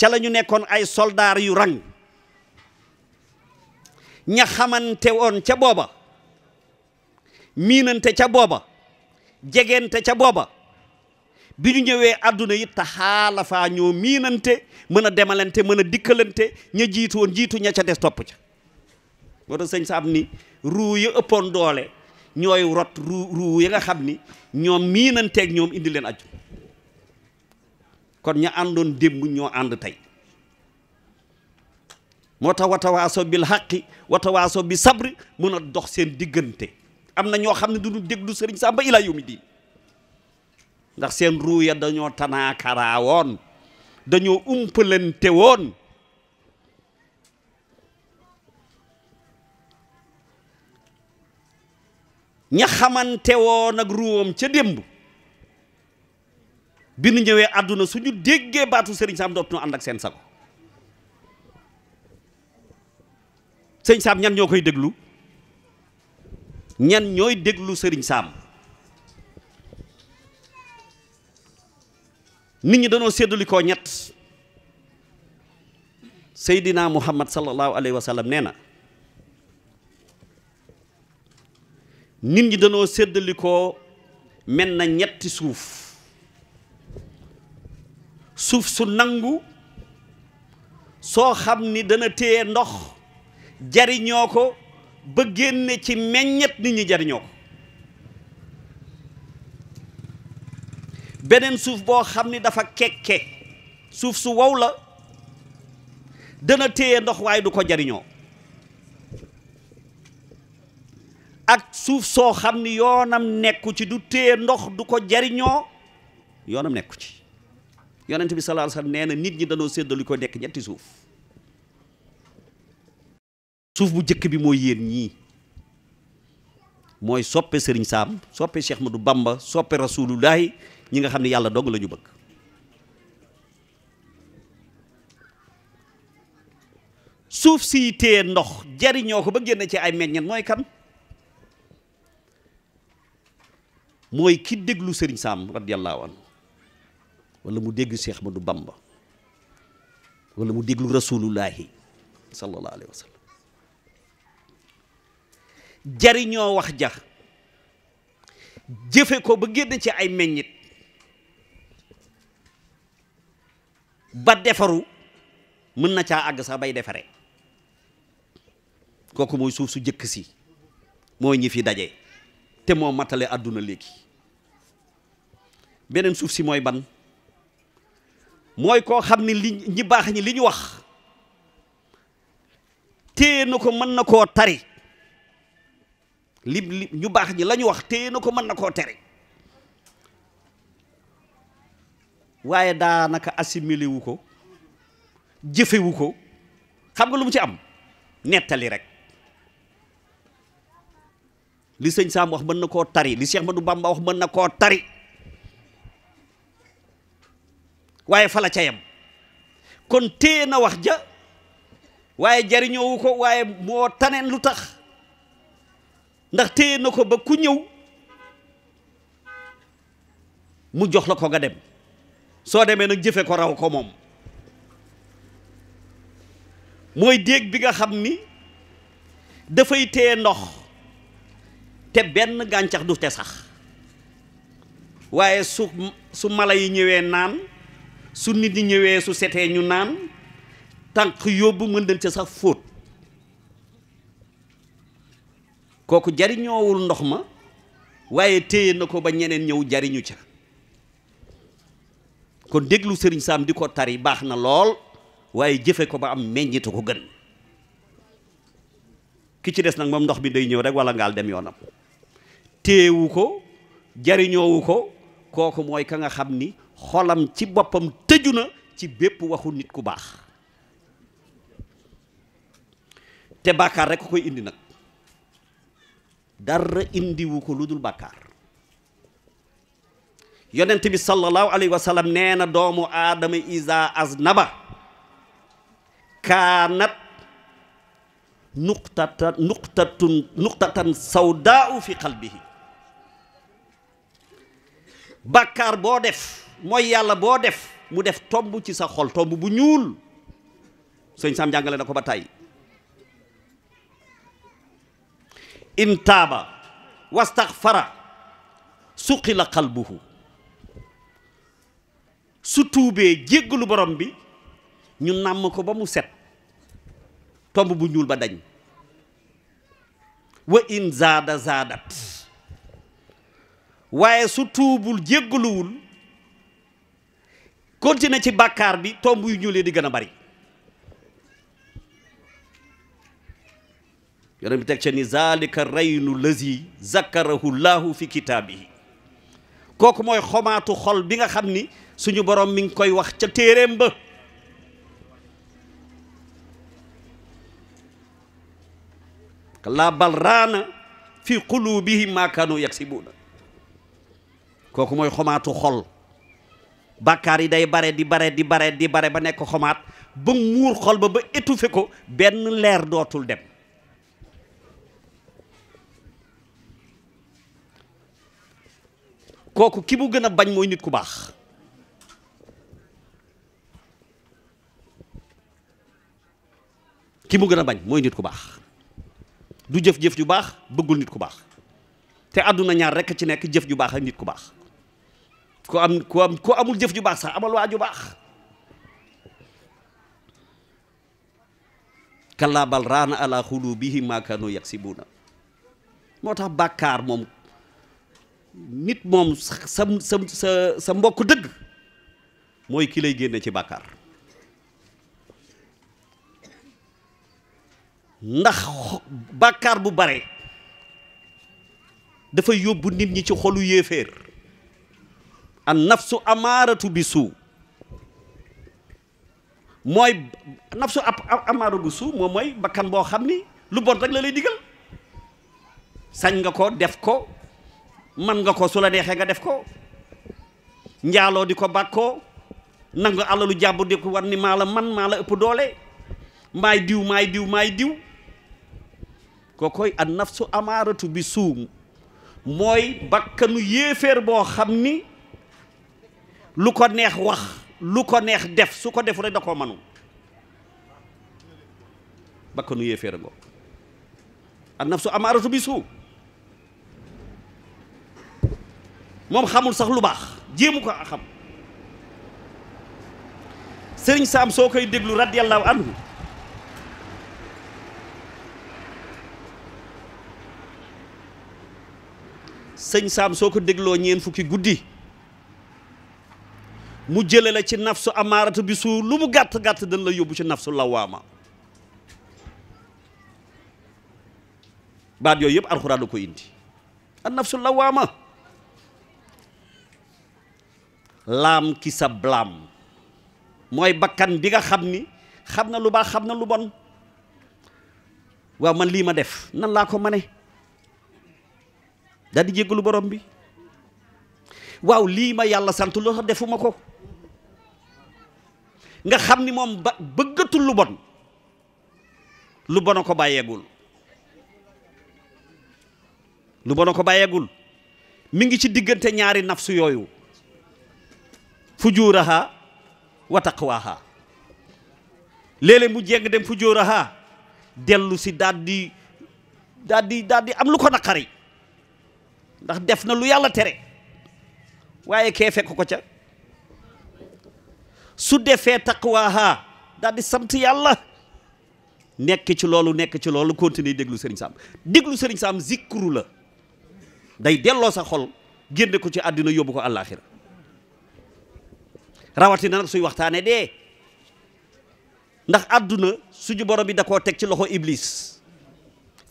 ca la ñu nekkoon ay soldaar yu rang ña xamante woon ca booba miinante ca booba jegente ca booba bi ñu ñëwee àdduna it taxaalafaa ñoo miinante mën a demalante mën a dikkalante ña jiitu woon jiitu ña ca des topp ca moo tax sëñ saab ni ruu ya ëppoon doole ñooy rot ruu ruu nga xam ni ñoom miinanteeg ñoom indi leen aju kon ña àndoon démb ñoo ànd tey moo tax watawaaso bil xaqi watawaaso bi sabri mën a dox seen diggante am na ñoo xam ne du ñu déglu sëriñ Samba ilaa yawmi diin ndax seen ruu ya dañoo tanaakaraa dañoo umpalante woon ña woon ak ruwam ca démb bi nu ñëwee àdduna suñu déggee baatu sëriñ Sam dootuñu ànd ak seen sago sëriñ Sam ñan ñoo koy déglu ñan ñooy déglu sëriñ Sam nit ñi danoo séddali ñett seydina muhammad sallallahu alayhi wa nee na nit ñi danoo séddali mel na ñetti suuf suuf su nangu soo xam ni dana téye ndox jariñoo ko ba génne ci meññet nit ñi jariñoo ko beneen suuf boo xam ni dafa kekke suuf su wow la dana téye ndox waaye du ko jariñoo ak suuf soo xam ni yoonam nekku ci du téye ndox du ko jariñoo yoonam nekku ci yonent bi sallallahu alayhi wasallam nee na nit ñi danoo séddali ko nekk ñetti suuf suuf bu jëkk bi mooy yéen ñii mooy soppe sëriñ saam soppe ma du Bamba soppe Rasulullahi ñi nga xam ne yàlla dong la ñu bëgg suuf si téye ndox jariñoo ko ba génn ci ay meññet mooy kan mooy ki déglu sëriñ Saam radiyallahu anhu wala mu dégg Cheikh Ahmadou Bamba wala mu déglu rasulullahi sallallahu alayhi wa sallam jariñoo wax ja jëfe ko ba génn ci ay meññet ba defaru mën na caa àgg sax bay defare kooku mooy suuf su jëkk si mooy ñi fi daje te moo matale àdduna léegi beneen suuf si mooy ban mooy koo xam ne li ñi baax ñi li ñu wax téye na ko mën na koo tari li ñu baax ñi la ñu wax téye na ko mën na koo tari waaye daanaka assimilé wu ko jëfewu ko xam nga lu mu ci am nettali rek li sëñ Saam wax mën na koo tari li ma du Bamba wax mën na koo tari waaye fala ca yam kon téye na wax ja waaye jariñoowu ko waaye moo taneen lu tax ndax téye na ko ba ku ñëw mu jox la ko nga dem soo demee nag jëfe ko raw ko moom mooy déeg bi nga xam ni dafay téye ndox te benn gàncax du te sax waaye su su mala yi ñëwee naan su nit ñi ñëwee su setee ñu naan tànk yóbbu mën dañ ca sax fóot kooku jariñoowul ndox ma waaye téye na ko ba ñeneen ñëw jariñu ca kon déglu sëriñ Saam di ko tari baax na lool waaye jëfe ko ba am meññitu ko gën ki ci des nag moom ndox mi day ñëw rek wala ngaal dem yoonam téewu ko jariñoowu ko kooku mooy ka nga xam ni xolam ci boppam tëju na ci bépp waxu nit ku baax te bàkkaar rek koy indi nag dara indiwu ko lu dul bàkkaar yonent bi sallallahu alayhi wa sallam nee na doomu aadama isa aznaba kaanat nuqtatan nuqtatun nuqtatan sawdaau fi qalbihi bàkkaar boo def mooy yàlla boo def mu def tomb ci sa xol tomb bu ñuul sëñ Sam jàngale na ko ba tàyyi in taaba wastaxfara suqila qalbuhu su tuubee jéggalu borom bi ñu nàmm ko ba mu set tomb bu ñuul ba dañ wa in zaada waaye su tuubul jéggaluwul na ci bàkkaar bi tomb yu ñuulee di gën a bari yonent bi teg ca ni zalika raynu lazi zakarahu llahu fi kitaabihi kooku mooy xomaatu xol bi nga xam ni suñu boroom mi ngi koy wax ca téereem ba kallaa bal raana fi quluubihim maa kaanu yaksibuuna kooku mooy xomaatu xol bàkkaar yi day bare di bare di bare di bare ba nekk xomaat ba muur xol ba ba étouffé ko benn leer dootul dem kooku ki mu gën a bañ mooy nit ku baax ki mu gën a bañ mooy nit ku baax du jëf-jëf ju baax bëggul nit ku baax te àdduna ñaar rekk ci nekk jëf ju baax ak nit ku baax ku am ku am ku amul jëf ju baax sax amal waa ju baax kallaa bal raana ala xuluubihim maa kaanu yaksibuuna moo tax bàkkaar moom nit moom sa sa sa mbokk dëgg mooy ki lay génne ci bàkkaar ndax bàkkaar bu bare dafa yóbbu nit ñi ci xolu yéeféer an nafsu amaaratu bi suu mooy nafsu ab amaaratu bi suu moom mooy bakkan boo xam ni lu bon rek la lay digal sañ nga ko def ko man nga ko su la neexee nga def ko njaaloo di ko bàkkoo nangu alalu jàmbur di ko war ni maa la man maa la ëpp doole maay diw maay diw maay diw kookoy naf su amaaratu bi suum mooy bakkanu yéeféer boo xam ni lu ko neex wax lu ko neex def su ko def da koo manu bakkanu yéeféer ngoo an su amaaratu bi suum moom xamul sax lu baax jéemu ko xam sëñ Saam soo koy déglu radiyallahu anhu sëñ Saam soo ko dégloo ñeen fukki guddi mu jële la ci nafsu amaaratu bi su lu mu gàtt gàtt dañ la yóbbu ci nafsu lawaama baat yooyu yëpp alxuraan ko indi an nafsu lawaama laam ki sa blaam mooy bakkan bi nga xam ni xam na lu baax xam na lu bon waaw man lii ma def nan laa ko mane daal di jéggalu borom bi waaw lii ma yàlla sant loo tax defuma ko nga xam ni moom bëggatul lu bon lu bon a ko bàyyeegul lu bon a ko bàyyeegul mu ngi ci diggante ñaari nafsu yooyu fujuuraha wa taqwaha léeg-léeg mu jeng dem fujuuraha dellu si daal di daldi di am lu ko naqari ndax def na lu yàlla tere waaye kee fekk ko ca su defee taqwaha daal di samt yàlla nekk ci loolu nekk ci loolu continuer déglu sëriñ Sam déglu sëriñ Sam zikru la day delloo sa xol génne ko ci àddina yóbbu ko àllaaxira rawatina nag suy waxtaanee de ndax àdduna suñu boro bi da koo teg ci loxo iblis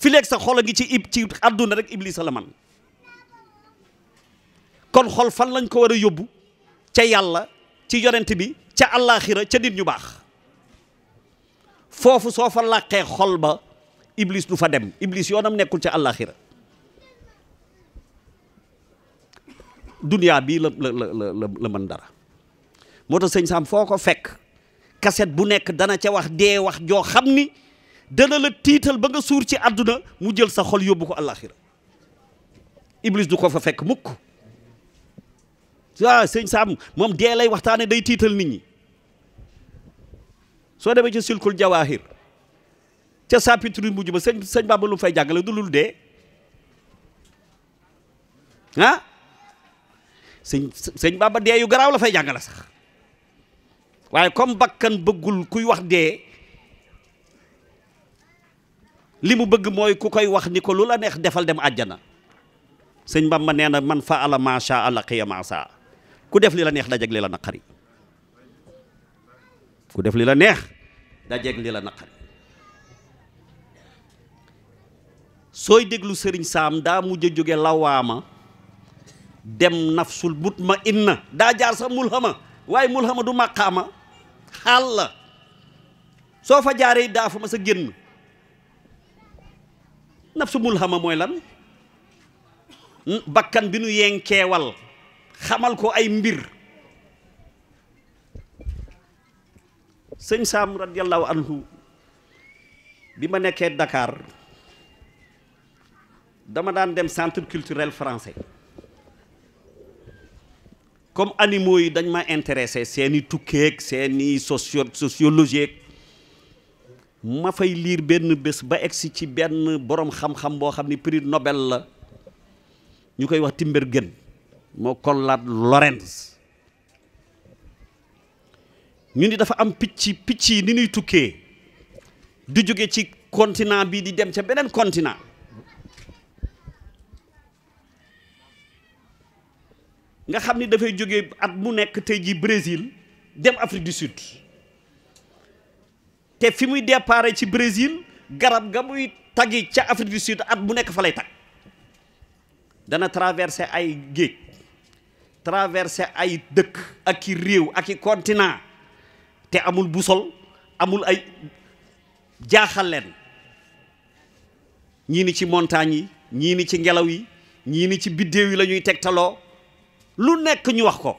fi léegi sa xol a ngi ci ib ci àdduna rek iblis la man kon xol fan lañ ko war a yóbbu ca yàlla ci yonent bi ca àllaaxira ca nit ñu baax foofu soo fa làqee xol ba iblis du fa dem iblis yoonam nekkul ca àllaaxira duniyaa bii la la la la mën dara moo tax sëñ Sam foo ko fekk kaset bu nekk dana ca wax dee wax joo xam ni dana la tiital ba nga suur ci àdduna mu jël sa xol yóbbu ko àllaaxira iblis du ko fa fekk mukk waaw sëñ Sam moom dee lay waxtaane day tiital nit ñi soo demee ci silkul jawaahir ca chapitre mujj ba sëñ sëñ Bàmba lu fay jàngale du lul dee ah sëñ sëñ Bàmba dee yu garaaw la fay jàngale sax waaye comme bakkan bëggul kuy wax dee li mu bëgg mooy ku koy wax ni ko lu la neex defal dem àjjana sëñ Bamba nee na man fa ala macha allah qiya maasa ku def li la neex da li la naqari ku def li la neex dajeeg li la naqari sooy déglu sëriñ saam daa mujj a jóge lawaama dem nafsul mutma inna daa jaar sax mulhama waaye mulhama du màqaama xaal la soo fa jaaree daa ma sa génn nafsu mulhama mooy lan bakkan bi nu yenkeewal xamal ko ay mbir sëñ Saam radiyallahu anhu bi ma nekkee Dakar dama daan dem centre culturel français comme animaux yi dañ ma intéressé seeni i tukkeeg seen i socio sociologie ma fay liir benn bés ba egsi ci benn borom xam-xam boo xam ni prix Nobel la ñu koy wax gën moo kon Konrad Lorenz ñu ni dafa am picc picc yi ni ñuy tukkee di jóge ci continant bi di dem ca beneen continent nga xam ni dafay jóge at mu nekk tey ji Brésil dem Afrique du Sud te fi muy départ ci Brésil garab ga muy taggi ca Afrique du Sud at mu nekk fa lay tag dana traversé ay géej traversé ay dëkk ak i réew ak i continent te amul busol amul ay jaaxal leen ñii ni ci montagne yi ñii ni ci ngelaw yi ñii ni ci biddéew yi la ñuy tegtaloo lu nekk ñu wax ko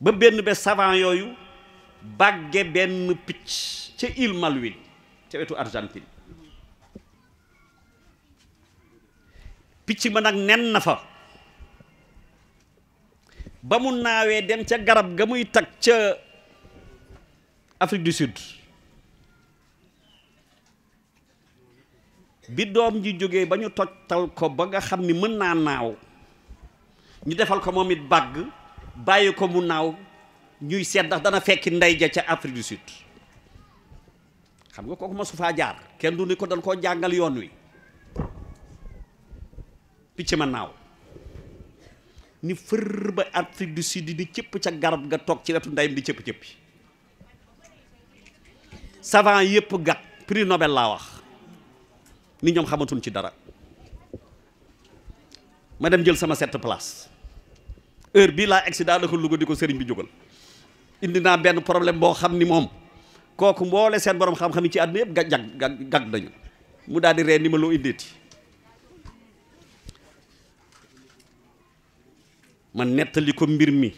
ba benn be savant yooyu bàgge benn picc ca île Malouine ca wetu Argentine picc ma nag nen na fa ba mu naawee dem ca garab ga muy tag ca Afrique du Sud bi doom ji jógee ba ñu tojtal ko ba nga xam ni mën naa naaw ñu defal ko moom it bàgg bàyyi ko mu naaw ñuy seet ndax dana fekki ndey ja ca Afrique du Sud xam nga kooku ma su jaar kenn du ni ko dal koo jàngal yoon wi picc ma naaw ni fër ba Afrique du Sud di cëpp ca garab nga toog ci wetu ndeyam di cëpp-cëppi savant yëpp gat pris Nobel laa wax ni ñoom xamatul ci dara ma dem jël sama set place heure bii laa egsi daa ko Louga di ko sëriñ bi jógal indi naa benn problème boo xam ni moom kooku mboole seen borom xam-xam yi ci àdduna yëpp gag gag gag nañu mu daal di ree ni ma loo indeeti ma nettali ko mbir mi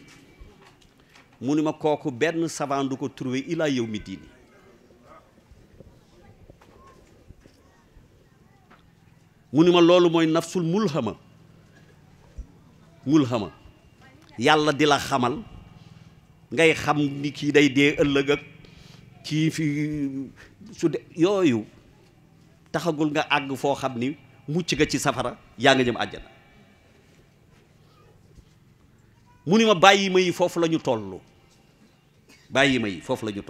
mu ni ma kooku benn savant du ko trouver ilaa yow mi diini mu ni ma loolu mooy nafsul mulhama mulhama yàlla di la xamal ngay xam ni kii day dee ëllëg ak kii fi su de yooyu taxagul nga àgg foo xam ni mucc nga ci safara yaa nga jëm àjjana mu ni ma bàyyi ma yi foofu la ñu toll bàyyi ma yi foofu la ñu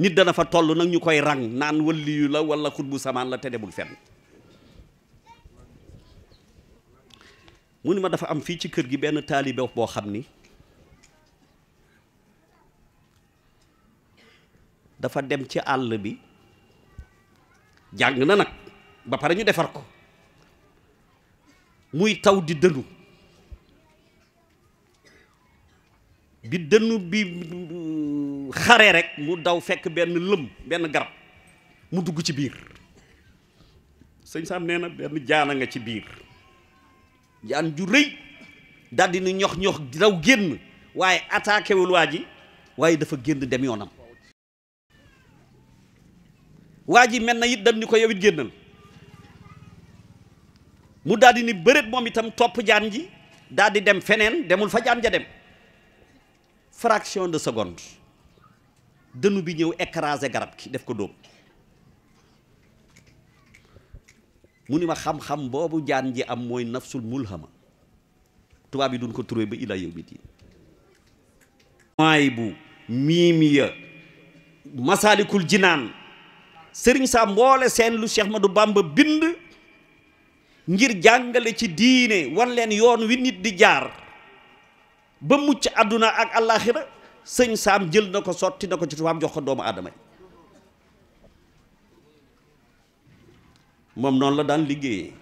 nit dana fa toll nag ñu koy ràng naan waliyu la wala xutbu samaan la te demul fenn mu ni ma dafa am fii ci kër gi benn taalibe boo xam ni dafa dem ci àll bi jàng na nag ba pare ñu defar ko muy taw di dënu bi dënnu bi xare rek mu daw fekk benn lëm benn garab mu dugg ci biir sëñ Sam nee na benn jaana nga ci biir jaan ju rëy daldi ni ñox ñox daw génn waaye attaqué waa ji waaye dafa génn dem yoonam waa ji mel na it dañ ko yow it génnal mu daldi ni bëreet moom itam topp jaan ji daldi dem feneen demul fa jaan ja dem fraction de seconde dënn bi ñëw écraser garab ki def ko dóob mu ni ma xam-xam boobu jaan ji am mooy nafsul mulhama tubaab yi duñ ko trouvé ba ila yow bi diin maay bu miimiya masaalikul jinaan sëriñ saa mboole seen lu ma du Bamba bind ngir jàngale ci diine wan leen yoon wi nit di jaar ba mucc àdduna ak àllaaxira sëñ saam jël na ko sotti na ko ci tubaab jox ko doomu aadama yi moom noonu la daan liggéeyee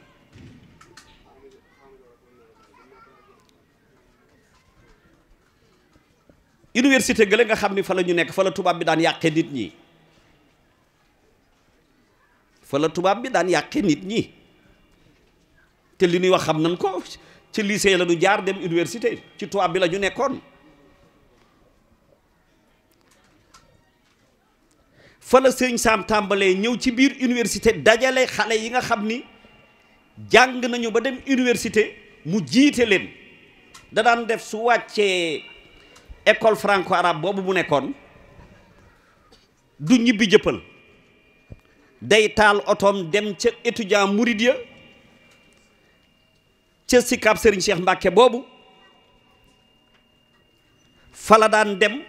université gële nga xam ni fa la ñu nekk fa la tubaab bi daan yàqee nit ñi fa la tubaab bi daan yàqe nit ñi te li nuy wax xam nan ko ci lycée la ñu jaar dem université ci tubaab bi la ñu nekkoon fa la sëñ Sam tàmbalee ñëw ci biir université dajale xale yi nga xam ni jàng nañu ba dem université mu jiite leen da daan def su wàccee école franco arabe boobu mu nekkoon du ñibbi jëppal day taal otoom dem ca étudiant murid ya ca Sicap Serigne Cheikh Mbacke boobu fala daan dem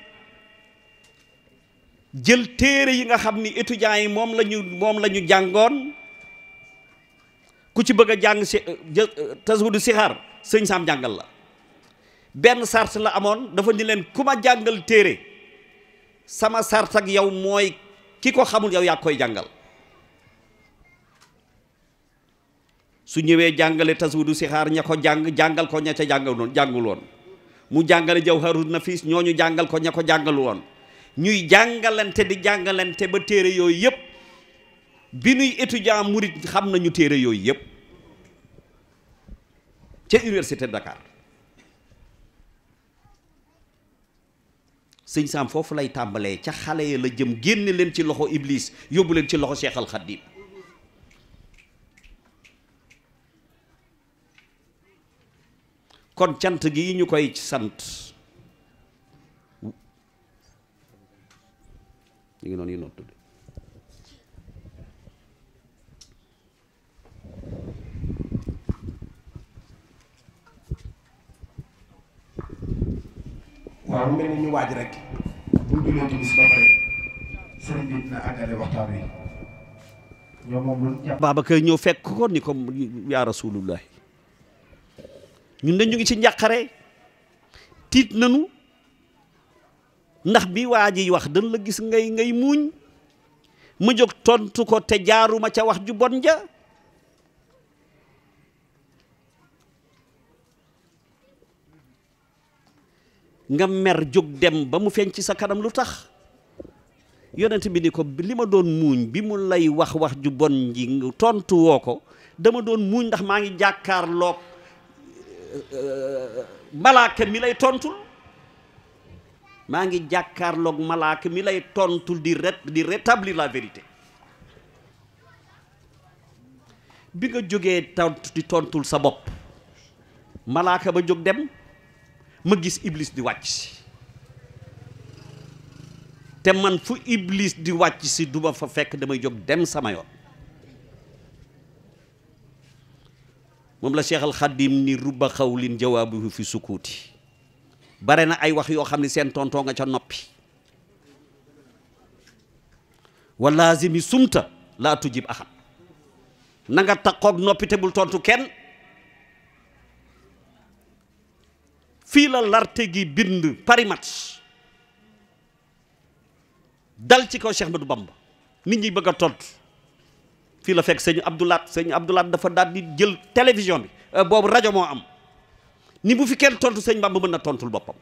jël téere yi nga xam ni étudiants yi moom la moom lañu jàngoon ku ci bëgg a jàng si tasawudu sixaar sëñ Saam jàngal la benn sart la amoon dafa ni leen ku ma jàngal téere sama sart ak yow mooy ki ko xamul yow yaa koy jàngal su ñëwee jàngale taswidu sixaar ña ko jàng jàngal ko ña ca jàngawoon jàngul woon mu jàngale jawharu nafis ñooñu jàngal ko ña ko jàngalu woon ñuy jàngalante di jàngalante ba téere yooyu yëpp bi nuy étudiant murit xam nañu téere yooyu yëpp ca université Dakar sëñ Sam foofu lay tàmbalee ca xale ya la jëm génne leen ci loxo Iblis yóbbu leen ci loxo Cheikh Al kon cant gi ñu koy sant ñu ngi noonu yi nottu de waaw ñu waaj rek buñ ba pare ñëw fekk ko ni ko yaa rasulullah ñun de ñu ngi ci njàqare tiit nanu ndax bi waa ji wax dañ la gis ngay ngay muuñ ma jóg tontu ko te jaaruma ca wax ju bon ja nga mer jóg dem ba mu feeñ ci sa kanam lu tax yonent bi ni ko li ma doon muuñ bi mu lay wax wax ju bon ji tontu woo ko dama doon muuñ ndax maa ngi jàkkaarloog Euh, malaaka mi lay tontul maa ngi jàkkaarloog malaaka mi lay tontul di ret di rétablir la vérité bi nga jógee di tontul sa bopp malaaka ba jóg dem ma gis iblis di wàcc si te man fu iblis di wàcc si duma fa fekk damay jóg dem sama yoon moom la Cheikh al Xadim ni rubba xawlin jawaabuhu fi sukuuti bare na ay wax yoo xam ne seen tontoo nga ca noppi walaazimi sumta laa tujib ahad na nga takkoog noppi te bul tontu kenn fii la larte gi bind pari dal ci kaw Cheikh Ahmadou Bamba nit ñi bëgg tontu fii la fekk sëñ Abdoulaat sëñ Abdoulaat dafa daal di jël télévision bi euh, boobu rajo moo am ni bu fi kenn tontu sëñ Bamba mën na tontul boppam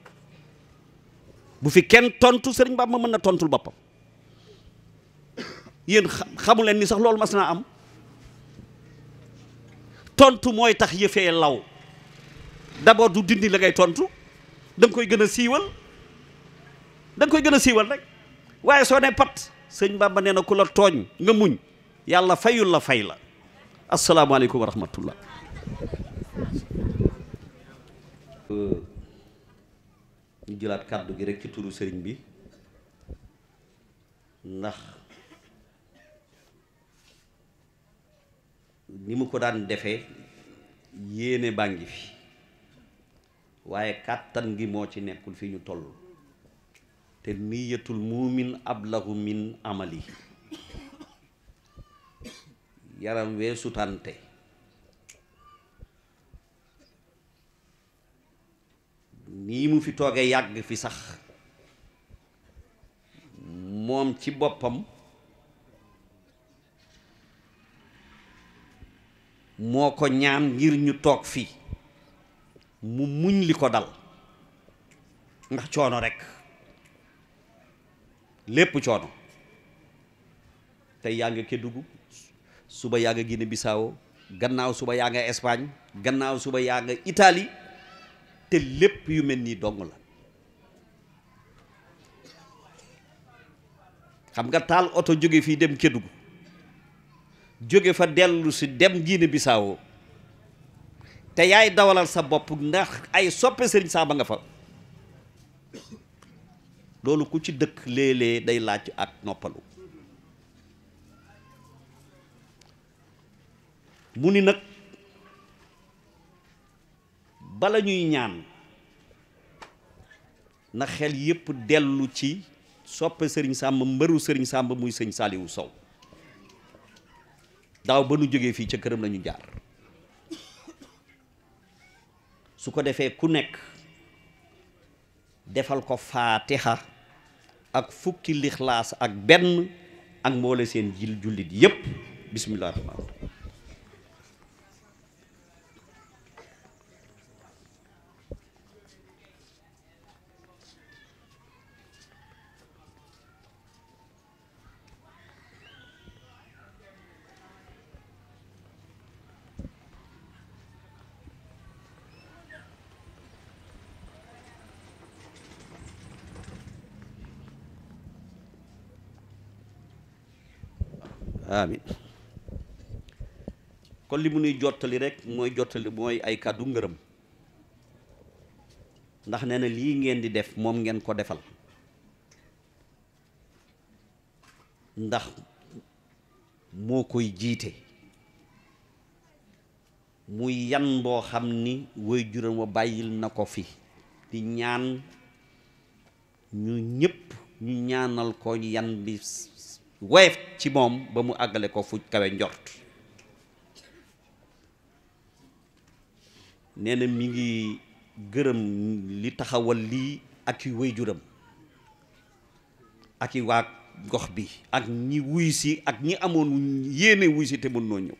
bu fi kenn tontu sëñ Bamba mën na tontul boppam yéen xamu leen ni sax loolu mas naa am tontu mooy tax yëfee law d'abord du dindi la ngay tontu da koy gën a siiwal da koy gën a siiwal rek waaye soo ne pat sëñ Bamba nee na ku la tooñ nga muñ yàlla fayul la fay la asalaamaaleykum wa rahmatullah ñu jëlaat kàddu gi rek ci turu sëriñ bi ndax ni mu ko daan defee yéene baa ngi fi waaye kàttan gi moo ci nekkul fi ñu toll te niyatul muumin ablahu min amali yaram wee sutante mu fi toogee yàgg fi sax moom ci boppam moo ko ñaan ngir ñu toog fii mu muñ li ko dal ndax coono rekk lépp coono tey yaa ngi Kédougou suba yaa nga Guinée Bissau gannaaw suba yaa nga Espagne gannaaw suba yaa nga Italie te lépp yu mel nii dong la xam nga taal oto jóge fii dem Kédougou jóge fa dellu si dem Guinée Bissau te yaay dawalal sa bopp ndax ay soppe sëriñ saa nga fa loolu ku ci dëkk léeg-léeg day laaj ak noppalu mu ni nag bala ñuy ñaan na xel yépp dellu ci soppe sëriñ sàmb mbëru sëriñ sàmb muy sëñ Saliou Sow daaw ba nu jógee fii ca këram lañu jaar su ko defee ku nekk defal ko faatiha ak fukki lixlaas ak benn ak mboole seen jil jullit yépp bismillah rahmaan amin kon li mu nuy jottali rekk mooy jottali mooy ay kàddu ngërëm ndax nee na lii ngeen di def moom ngeen ko defal ndax moo koy jiite muy yan boo xam ni woy juróom wa bàyyil na ko fi di ñaan ñu ñépp ñu ñaanal ko yan bi woyef ci moom ba mu àggale ko fu kawe njort nee mi ngi gërëm li taxawal lii ak i waajuram ak i waa gox bi ak ñi wuy ak ñi amoon yéene wuy si te mën noo ñëw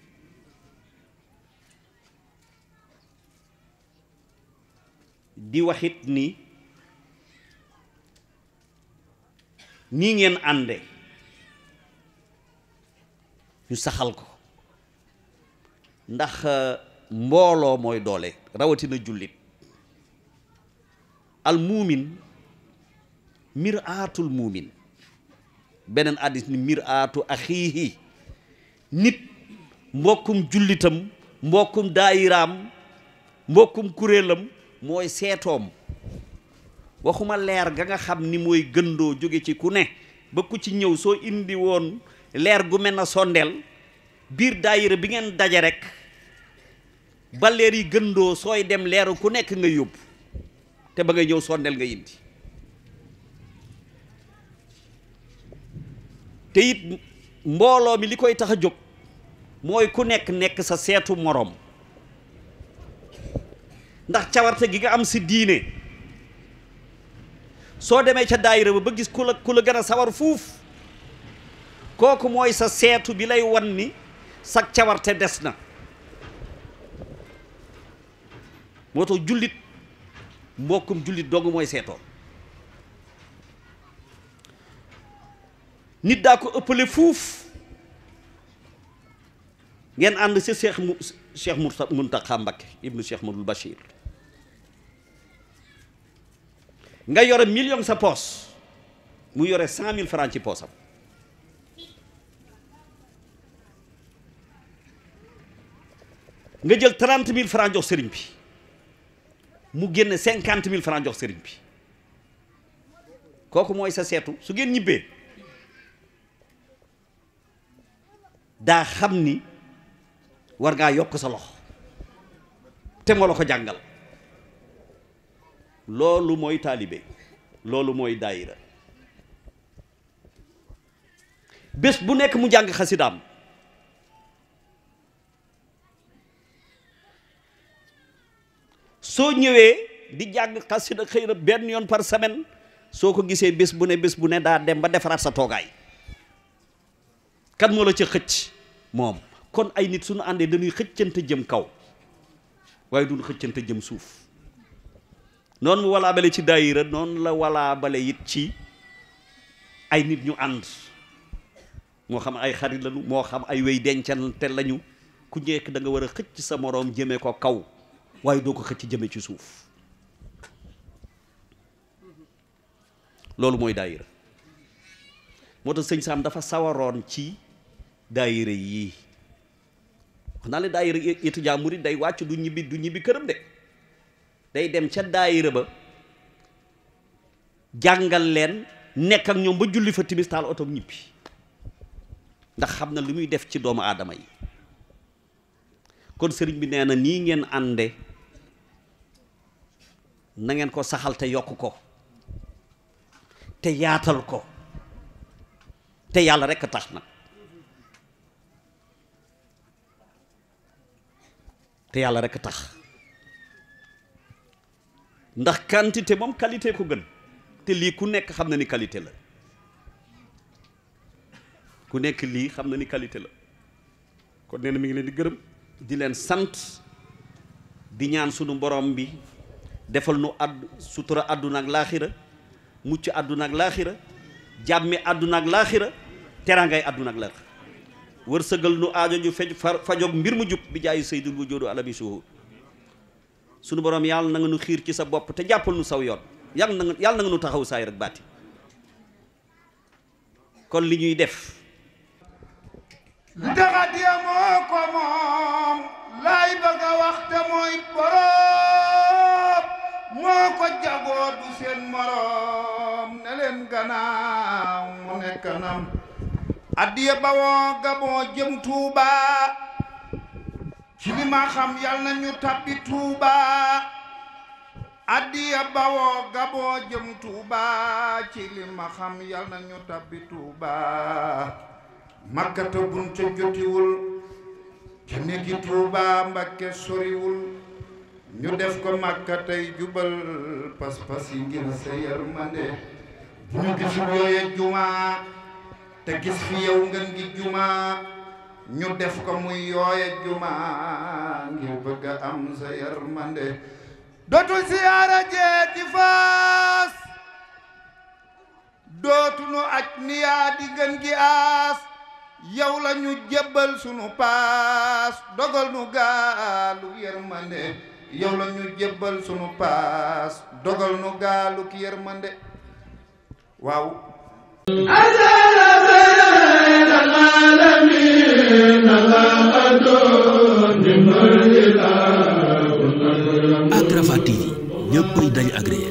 di waxit ni nii ngeen ànde ñu saxal ko ndax euh, mbooloo mooy doole rawatina jullit al miraatul muumin beneen addis ni miraatu axiihi nit mbokkum jullitam mbokkum daayiraam mbokkum kuréelam mooy seetoom waxuma leer ga nga xam ni mooy gëndoo jóge ci ku ne ba ku ci ñëw soo indi woon leer gu mel na sondeel biir daayira bi ngeen daje rek ba leer yi gëndoo sooy dem leeru ku nekk nga yóbbu te ba ngay ñëw sondeel nga indi te it mbooloo mi li koy tax a jóg mooy ku nekk nekk sa seetu moroom ndax cawarte gi nga am si diine soo demee ca daayira ba ba gis ku la ku la gën a sawar fuuf kooku mooy sa seetu bi lay wan ni sa cawarte des na moo tax jullit mbokkum jullit dong mooy seetoo nit daa ko ëppale fuuf ngeen ànd ci cheikh mu cheikh Muntaxa Mbakke ibnu cheikh Madul Bachir nga yore million sa poos mu yore cent mille francs ci poosam nga jël trente mille francs jox sëriñ bi mu génn cinquante mille francs jox sëriñ bi kooku mooy sa seetu su ngeen ñibbee daa xam ni war ngaa yokk sa loxo te moo la ko jàngal loolu mooy taalibe loolu mooy daayira bés bu nekk mu jàng xasidaam soo ñëwee di jàng xasida xëy na benn yoon par semaine soo ko gisee bés bu ne bés bu ne daa dem ba defaraat sa toogaay kan moo la ca xëcc moom kon ay nit suñu àndee dañuy xëccante jëm kaw waaye duñ xëccante jëm suuf noonu mu ci daayira noonu la wallaabale it ci ay nit ñu ànd moo xam ay xarit lañu moo xam ay wey dencan te lañu ku nekk da nga war a xëcc sa moroom jëmee ko kaw waaye doo ko xëcc jëme ci suuf loolu mooy daayira moo tax sëñ Saam dafa sawaroon ci daayira yii wax naa leen daayira étudiant murid day wàcc du ñibbi du ñibbi këram de day dem ca daayira ba jàngal leen nekk ak ñoom ba julli fa timis taal oto ñibbi ndax xam na li muy def ci doomu aadama yi kon sëriñ bi nee na nii ngeen ànde nangeen ko saxal te yokk ko te yaatal ko te yàlla rekk tax nag te yàlla rekk tax ndax quantité moom qualité ko gën te lii ku nekk xam na ni qualité la ku nekk lii xam na ni qualité la kon nee na mi ngi leen di gërëm di leen sant di ñaan sunu borom bi defal nu àdd sutura àdduna ak laaxira mucc àdduna ak laaxira jàmmi àdduna ak laaxira teraangay àdduna ak laaxira wërsëgal nu aajo ju fej fajoog mbir mu jub bi jaayu saydul bu joodu alami suhud sunu borom yàlla na nu xiir ci sa bopp te jàppal nu saw yoon yàlla na yàlla na nga nu taxaw saay rek baati kon li ñuy def lu taxati moo ko moom laay bëgg a wax te mooy borom moo ko jagoo du seen moroom ne leen gannaaw mu nekk nam addiye bawoo gaboo jëm tuuba ci li ma xam yal na ñu tabbi tuuba addiye bawoo gaboo jëm tuuba ci xam yal na ñu tabbi tuuba makkata buñ ca jotiwul ca nekki tuuba mbakke soriwul ñu def ko màkka tey jubal pas-pas yi ngir sa yërmande bu ñu gisul yooye jumaa te gis fi yow ngeen gi jumaa ñu def ko muy yooye jumaa ngir bëgg a am sa yërmande dootul siyaara jeeti faas dootunu aj niyaa di ngeen gi aas yow la ñu jébbal sunu paas dogal nu gaalu yërmande yow la ñu jébbal sunu paas dogal nu gaalu ki yërmande waaw